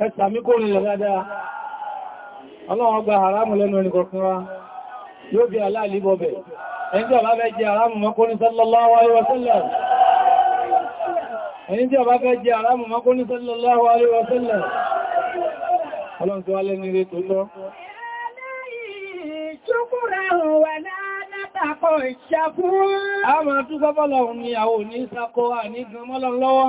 ẹ̀sà mí kó nílẹ̀ dáadáa ọlọ́wọ́ gba haramu lẹ́nu ẹni kọ̀ọ̀kan wa yóò bí aláàlì bọ̀bẹ̀ ẹni tí ọba fẹ́ jẹ haramu mọ́kó ní sallallahu alaihi wasallam ẹni tí ọba fẹ́ jẹ haramu mọ́kó ní sallallahu alaihi wasallam ọlọ́run ni àwọn òní ìsakọ́ àní gan mọ́lọ lọ́wọ́.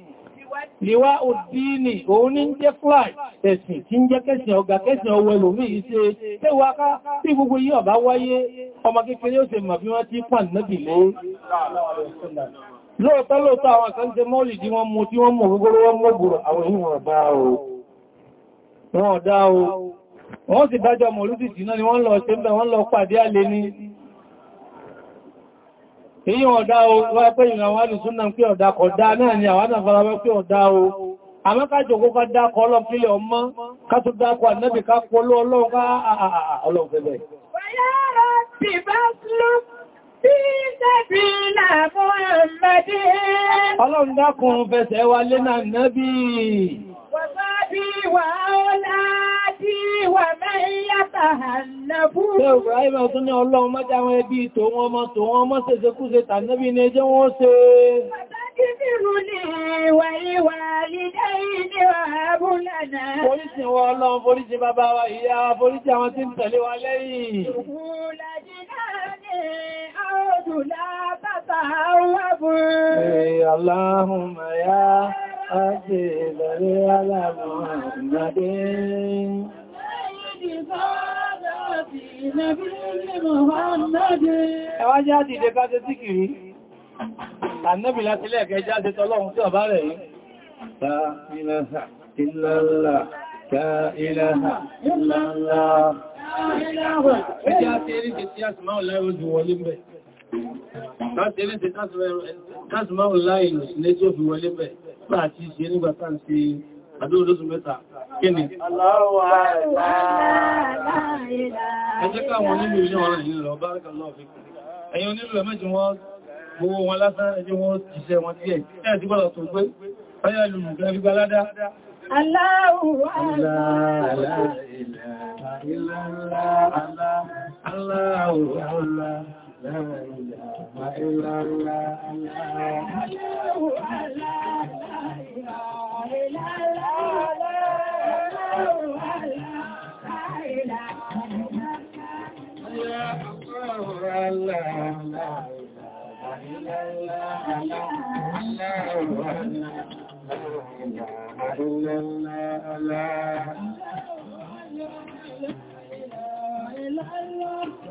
Liwa Odini, òun ní jẹ́ fly ẹ̀sìn tí ń jẹ́ kẹsìn ọgá kẹsìn ọwọ́ ẹlòmí ìṣe tẹ́wàá ká tí gbogbo yí ọ̀bá wáyé ọmọ kékeré ó ṣe mọ̀ bí wọ́n ti pàn náàbìlé lóòótọ́ lóòótọ́ àwọn o wọ́n dá o wọ́n sì dájọ́ mọ̀lúdìtì náà ni wọ́n lọ ṣe èyí ọ̀dá o wọ́n pẹ́ ìrànwọ́ àdìsúnnà pé ọ̀dá kọ̀dá náà ni àwọn àfàràwẹ́ pé ọ̀dá o àmọ́ kájọ kó ká dákọ̀ ọlọ́pílẹ̀ ọmọ ká tó dákọ̀ ànábì ká pọ̀ ọlọ́run sí wà mẹ́yàtà àlàbú. Ṣé Ibrahim tún ní ọlọ́run mọ́já wọn ẹbí tó wọn mọ́ tó wọn mọ́ ṣe ṣe kú ṣe tàbí ní ẹjẹ́ wọ́n ṣe. Pàtàkì nínú ní ìwà bàbá wa, ìyá wa, foríṣin àwọn tí ń tẹ̀lé wa lẹ́yìn. Allahumma ya àti ìbẹ̀rẹ̀ aláàbọ̀ àgbàdé. Ẹwà jẹ́ àti ìdẹ ká jẹ́ tí kìí, ànẹ́bì láti lẹ́ẹ̀kẹ́ jáde tọ́lọ́run tí ọ̀bá rẹ̀ yìí. La ilaha illallah, la ilaha illallah, la ilaha illallah. Ẹjá ti eré ti tí àsìmáwò láìwọ́ jù wọlé mẹ́. Láti eré ti tí àsìmáwò ẹni láti máa ń láì ìrìnṣì ní tí ó fi wọlé bẹ̀ pẹ́ àti ṣe nígbàtà ń ṣe àdúró lóṣù mẹ́ta kí ni ẹjẹ́ káwọn nínú ilé ọ̀rọ̀ ìlú lọ bá ẹ̀yìn onílù ẹ̀mẹ́jì wọ́n gbogbo wọn lásán ẹjẹ́ wọ́n jíṣẹ́ wọn díẹ̀ ẹ̀ tí gbọ́dọ̀ tó gbé ọyá lùmù gẹ́gẹ́ gbígbà ládá Allahu Allah Allah Allah Allah لا إله إلا الله Allah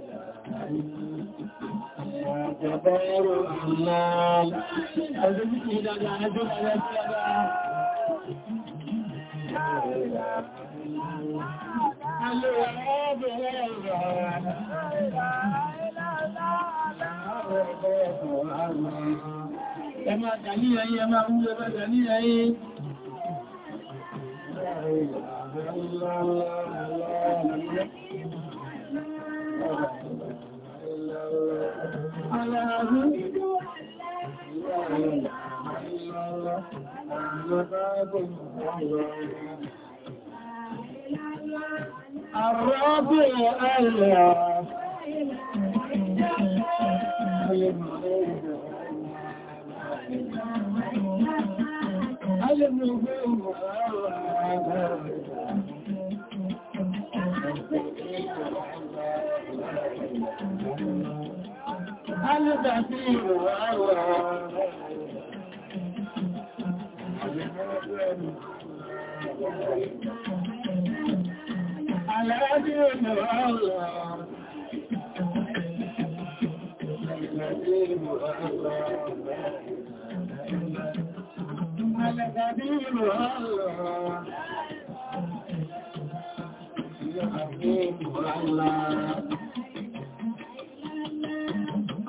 Àbẹ́rò àlá ọdún títí dáadáa ẹjọ́ ọ̀rẹ́ sí dáadáa. Àlè ọ̀rẹ́ ọ̀rẹ́ Ẹ máa dà ní ẹyí, ẹ máa wúlẹ̀ bá dà ní ẹyí. Thank you. الرابع الله Thank you. البصير العزيز الله العزيز الله الكبير الله الحكيم الله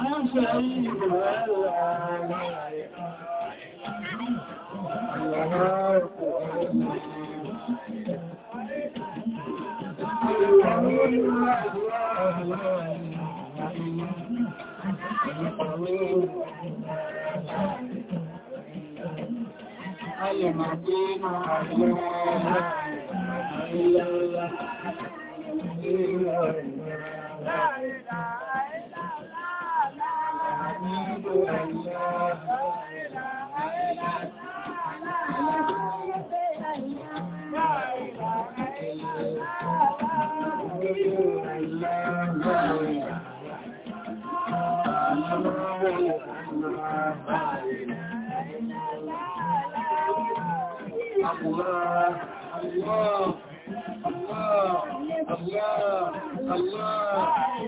La ilaha illallah الله الله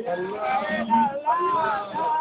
الله الله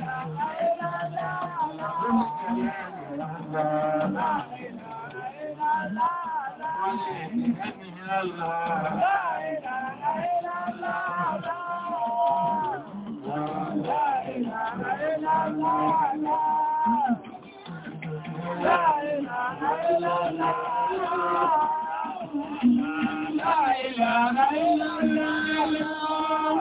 La ilaha illallah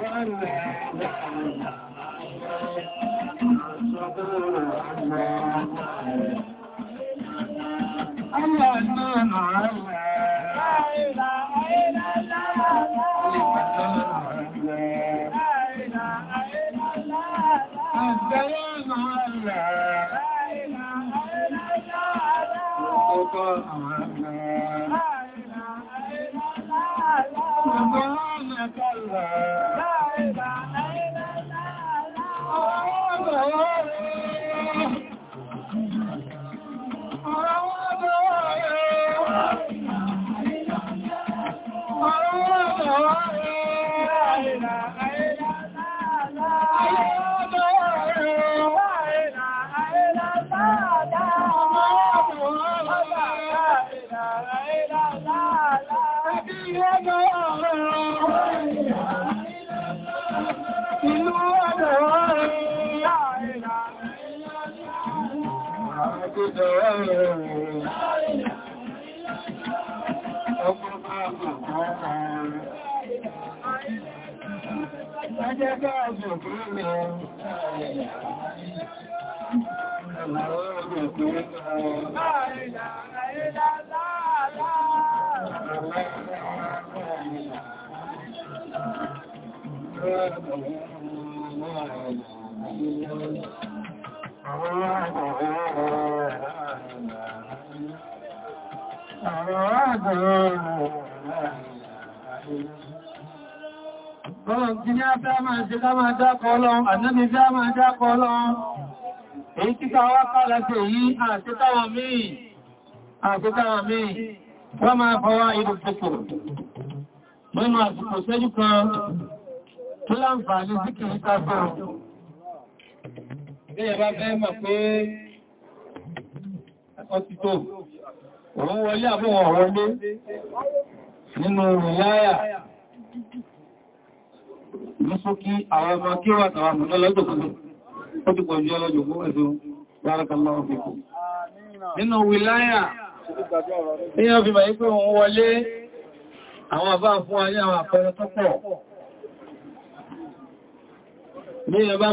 Ọkọ̀ àwọn Ajẹ́ káàzù kí ní Àwọn àgbà ọ̀rọ̀ Ọlọ́run ti ní àfẹ́ máa ṣe ká máa dákọ̀ ọlọ́run, ànábi fẹ́ máa dákọ̀ ọlọ́run. Èyí tí ká wá kọ́ lọ́sẹ̀ yìí, àṣetáwọn míì, àṣetáwọn míì, wọ́n máa fọwá ìlú pẹ̀kọ̀. Mọ́nà àsìkò sẹ́jú kan tó láǹfààní sí kìí tàbí ọ̀rọ̀. Bí ẹ bá fẹ́ mọ̀ pé ẹ̀kọ́ ti tó, òun wọlé àbúwọ̀n wọlé nínú ìyáyà ní sókí àwọn ọmọ kí wà tàwà mọ̀ lọ́jọ́ kan ó ti pọ̀jú ọlọ́jọ́ fún ẹ̀sùn bárakàláwọ̀ fíkù nínú wìláyà èyàn fi bàyí pé wọ́n wọlé àwọn àbá fún ayé àwọn àpẹẹrẹ tó pọ̀ ní ẹbá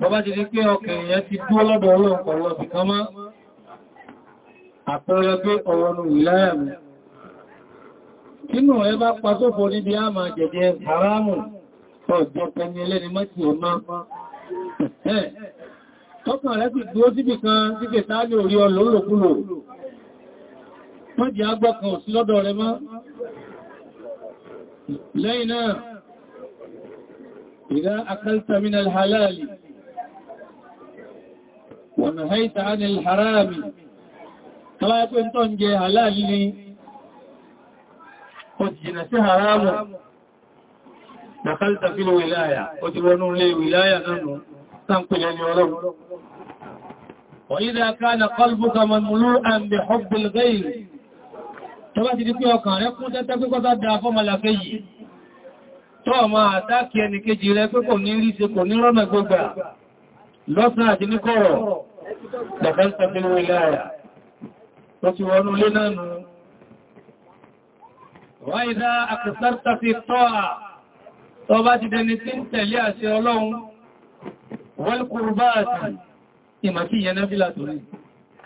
bọ́bá ti rí pé ọkẹ̀ èèyàn ti dúó lọ́dọ̀ ọlọ́run pọ̀lọ́ ti kán máa àpẹẹrẹ pé ọ̀rọ̀ nù ìláyà mi kínú ẹ bá pàtófò níbi a máa jẹ̀dẹ̀ haramu ọjọ́ pẹni ẹlẹ́ni mọ́tí ọmọ tọ́kàn rẹ̀ ti dúó síbì kan sí kẹtàálì orí ọlọ́lọ́kúlò mọ́jì agbọ́kan sí lẹ́yìn náà ìdá akálta min alhalali wọ̀nàhẹ́ta anil harami tọ́wà pé tó ń jẹ halali ni ó jìnà sí haramu dàkálta fílò wìláyà ó ti wọnú lé wìláyà nánú sáńpìlẹ̀ ni ọlọ́run وإذا كان قلبك مملوءا بحب الغير tó bá ti di àti ní kọ̀rọ̀ دخلت في الولاية وتوانوا لنا وإذا أكثرت في الطاعة طبعت دنسين تلياسي ولون والقربات إما في ينبلا تريد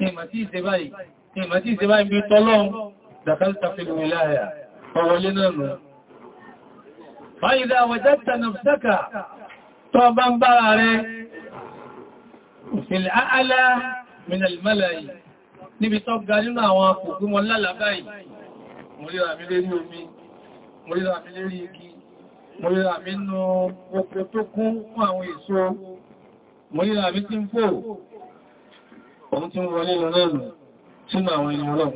إما في زباي إما في زباي بيطلون دخلت في الولاية فولنا فإذا وجدت نفسك طبعا باري ìfẹ̀lẹ̀ àálá mìnàlìmọ́lá yìí níbi tó ga nínú àwọn kòkú wọn lálàbá yìí mo ríra mi lérí omi mo ríra mi lérí igi mo ríra mi nú oko tó kún fún àwọn èso mo ríra mi tí ń fò òun tí ń wọlé lọ lẹ́nu sínú àwọn ẹni ọlọ́run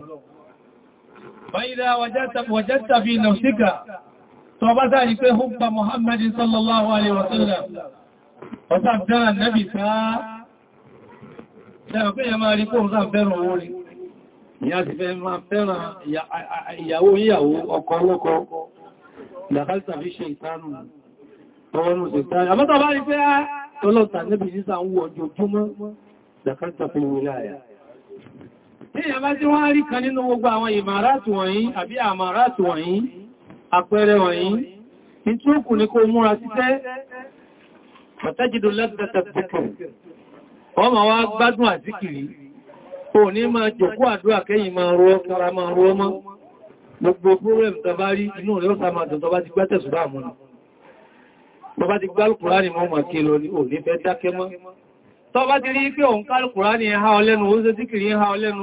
tó bá dáyí pé hùgbà Muhammadin sallallahu alaihi wasallam ọ̀sán dára nẹ́bì sáà Ẹ̀rọ pé yẹn máa rí kó ń sáà fẹ́ràn owó rí. Ìyá ti fẹ́ máa fẹ́ràn ìyàwó ìyàwó ọkọ ọlọ́kọ. Ìdàkálìtà fi ṣe ìtànù ọwọ́nù sí ìtànù. Àmọ́ta bá rí pé á ah, tọ́lọ́ta níbi sísà ń wọ ojoojúmọ́. Ìdàkálìtà fi wúlé àyà. Tí ìyà bá tí wọ́n rí kan nínú gbogbo àwọn ìmàrátù wọ̀nyí àbí àmàrátù wọ̀nyí, àpẹẹrẹ wọ̀nyí, ní tí ó kù ní kó múra síṣẹ́, pàtàjìdó lẹ́gbẹ̀ẹ́ ọmọ wa gbádùn àtíkìrí o ní máa jòkó àdúrà kẹ́yìn máa rọ kára máa rọ mọ́ gbogbo problem tàbá rí inú rẹ̀ ó sàmà dùn tọba ti gbá tẹ̀sùbá àmúnà tọba ti gbá alùkùránì mọ́ mà kí lọ ní ò ní fẹ́ dákẹ́ mọ́ tọba ti rí pé òun kálùkùránì ẹ̀há ọlẹ́nu ó ṣe tíkìrí ẹ̀há ọlẹ́nu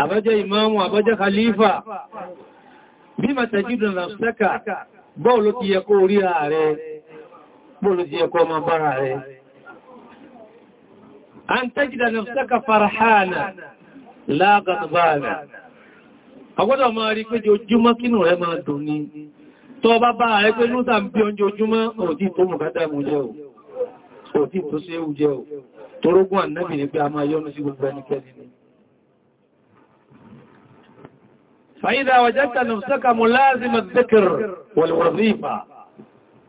àbájẹ́ ìmáàmù àbájẹ́ khalifa bí ma tẹ̀jìdù nàfsẹ́kà bọ́ọ̀lù ti yẹ kó rí ààrẹ bọ́ọ̀lù ti yẹ kó ma bára rẹ̀ an tẹ́jìdà nàfsẹ́kà farhana lágàtàbára agbọ́dọ̀ máa rí pé jojúmọ́ kínú rẹ̀ máa dùn ni tó O uje o. فإذا وجدت نفسك ملازم الذكر والوظيفة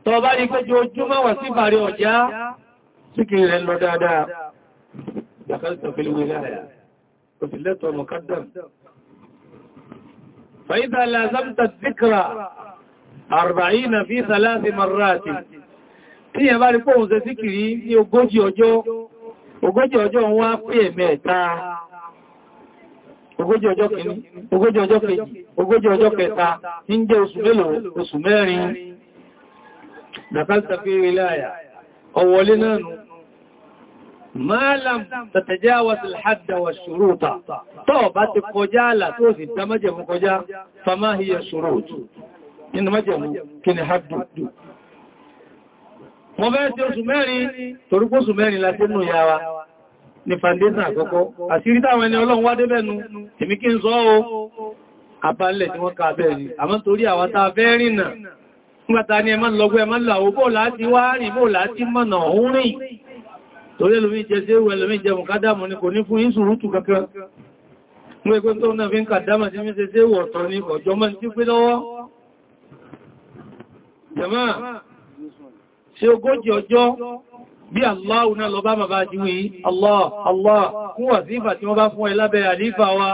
tó bá rí pé jojúmọ́ wà sí bàrí ọjá síkì rẹ̀ lọ dáadáa دخلت في الولاية وفي اللتوى فإذا لازمت الذكر أربعين في ثلاث مرات tí ẹ bá rí pé òun ṣe síkìrí ní ogójì ọjọ́ ogójì ọjọ́ kìíní ogójì ọjọ́ kejì ogójì ọjọ́ kẹta tí ń jẹ́ oṣù mélòó oṣù mẹ́rin dàkáltà fi ríláyà ọwọ́lé náà nù máàlàm tàtàjáwà tàlhádà wà ṣòrótà tó bá ti kọjá àlà tó sì dá májẹ̀mú kọjá famáhíyà ṣòrótù nínú májẹ̀mú kí ni hádùdù wọ́n bẹ́ẹ̀ tí oṣù mẹ́rin torípóṣù mẹ́rin láti nù yára ní foundation àkọ́kọ́ àṣírí táwọn ẹni ọlọ́run wá débẹ̀nu tèmi kí ń sọ o àbálẹ̀ tí wọ́n ká bẹ́ẹ̀ni àmọ́ torí àwọn tá fẹ́ rìnà nígbàtà ní ẹmọ́ lọ́gbọ́ ẹmọ́ làwọ́ bó láti wá rìn bó láti mọ̀nà òun rìn torí ẹlòmí jẹ sí ewu ẹlòmí jẹ mùkádàmù ni kò ní fún ìṣùrútù kankan mú ẹgbẹ́ tó náà fi ń kàdámà sí mẹ́sẹ̀ sí bí Allah náà lọ bá ma bá jí wí Allah Allah fún wà sí ìfà tí wọ́n bá fún ẹ lábẹ́ àlífà wa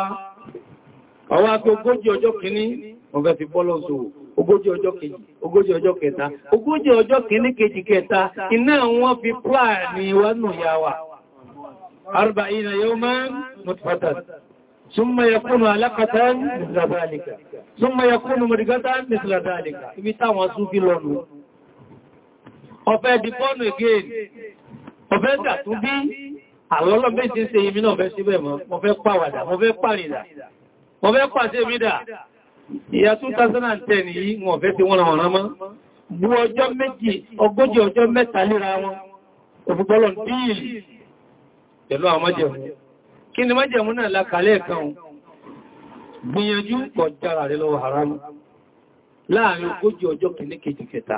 ọwá pé ogójì ọjọ́ kìíní ọ̀gá ti bọ́ lọ́sọ̀ ogójì ọjọ́ kejì ogójì ọjọ́ kẹta ogójì ọjọ́ kìíní ثم يكون علقة مثل ذلك ثم يكون مرغة مثل ذلك ibi táwọn súnfí lọ́nà ọ̀fẹ́ di bọ́nù again ọ̀fẹ́ dà tún bí àwọn ọlọ́bẹ̀ ti ṣe èmi náà fẹ́ síbẹ̀ mọ́ mo fẹ́ pàwàdà mo fẹ́ pàrìdà mo fẹ́ pàṣẹ mi dà ìyá 2010 yìí wọn fẹ́ ti wọ́n ràn mọ́ bú ọjọ́ méjì ogójì ọjọ́ mẹ́ta léra wọn òfúgbọ́lọ̀ bíìlì pẹ̀lú àwọn májẹ̀mú kí ni májẹ̀mú náà lákàlẹ̀ kan gbìyànjú kọjára rẹ̀ lọ́wọ́ haramu láàrin ogójì ọjọ́ kìíní kejì kẹta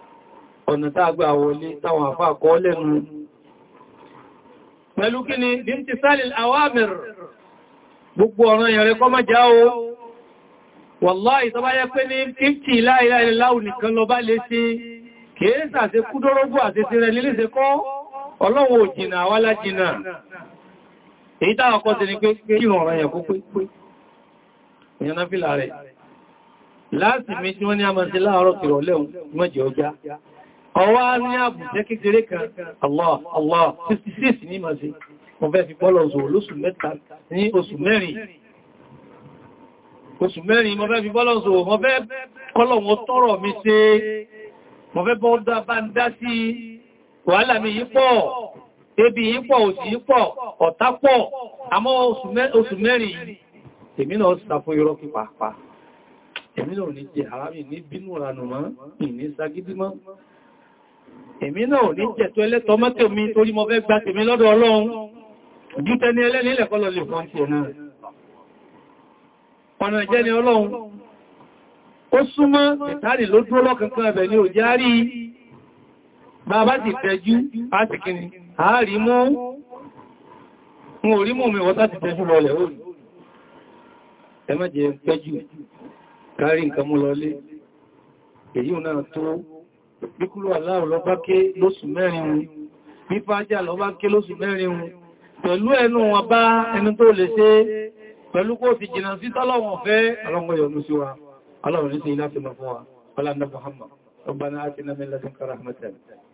ọ̀nà tágbà wọlé táwọn àfá kọ́ lẹ́nu pẹ̀lú kí ni bíntí sálìl àwámìr gbogbo ọ̀ràn yẹ̀rẹ́ kọ́ máa jáó wàláì tó bá yẹ pé ní ìfì láìláìláù nìkan lọ bá lè ṣe kèésà àti kúdórógbò àti ti rẹ̀ lílé ṣe kọ́ ọlọ́run ò jìnà àwa la jìnà èyí táwọn kọ́ sí ni ọwá ní àbùsẹ́ kékeré kan Allah Allah 56 ní màá sí wọ́n fẹ́ fi pọ́lọ̀ zòó lóṣù mẹ́ta ní oṣù mẹ́rin oṣù mẹ́rin mo fẹ́ fi pọ́lọ̀ zòó mo fẹ́ kọ́lọ̀ wọn tọ́rọ̀ mi ṣe mo fẹ́ bọ́ bá ń dá sí wàhálà mi yí pọ̀ ebi yí pọ̀ òṣì yí pọ̀ ọ̀tá pọ̀ àmọ́ oṣù mẹ́rin èmi náà ní jẹ́ àrámì ní bínú ranù mọ́ ìní sagídí mọ́ èmi náà ní jẹ̀tọ́ ẹlẹ́tọ́ mọ́tò mi torí mo fẹ́ gba tèmi lọ́dọ̀ ọlọ́run jútẹ́ ní ẹlẹ́ni ilẹ̀ kọ́lọ̀ lè fọ́n tiẹ̀ náà ọ̀nà ìjẹ́ ni ọlọ́run ó súnmọ́ ìtàrí ló dúró lọ́kankan ẹ̀bẹ̀ ni ò járí bàbá ti tẹ́jú láti kìnnì àárí mú mú orí mú mi wọ́tá ti tẹ́jú lọlẹ̀ orí ẹ má jẹ tẹ́jú kárí nǹkan mú lọlé èyí bíkúrò aláwọ̀ lọ bá ké lóṣù mẹ́rin wọn bí fájá lọ bá ké lóṣù mẹ́rin wọn pẹ̀lú ẹnu wọn bá ẹni tó lè ṣe pẹ̀lú kó fi jìnà sí tọ́lọ̀wọ̀n fẹ́ ọlọ́wọ̀n yọ̀ Muhammad ربنا آتنا من لدنك رحمة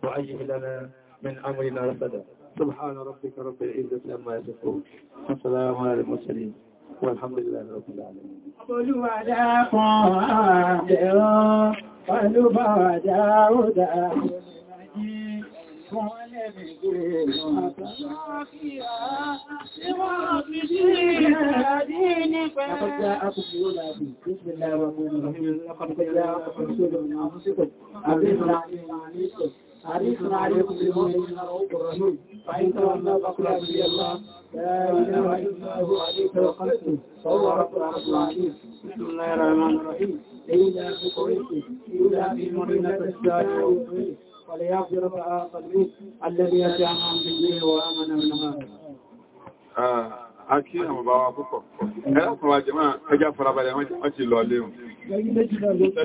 وأيه لنا من أمرنا رشدا سبحان ربك رب العزة عما Alhamdulillah Rabbil Alamin. Olúwa dákun àjẹ́rọ, olúbà wàjá ó dáa, wọ́n lẹ́bí gbé ọ̀tọ́ kí á, ṣe wọ́n fi sí ìrìnàjí ní pẹ̀lú. Àkọjá akùnrin حديث عليه مسلمون رؤوف الرحيم فإن تولى فقل أبي الله لا إله إلا هو عليه توكلت فهو رب العرش العظيم بسم الله الرحمن الرحيم إلا بقريش إلا بمرينة الزاجع وليعفي ربها قلبي الذي يتعمى بالله وآمن منها Akí àwọn bá wa púpọ̀. Ẹlọ́pùn wa jẹ́ máa ẹjá farabalẹ̀ wọ́n ti lọ léun.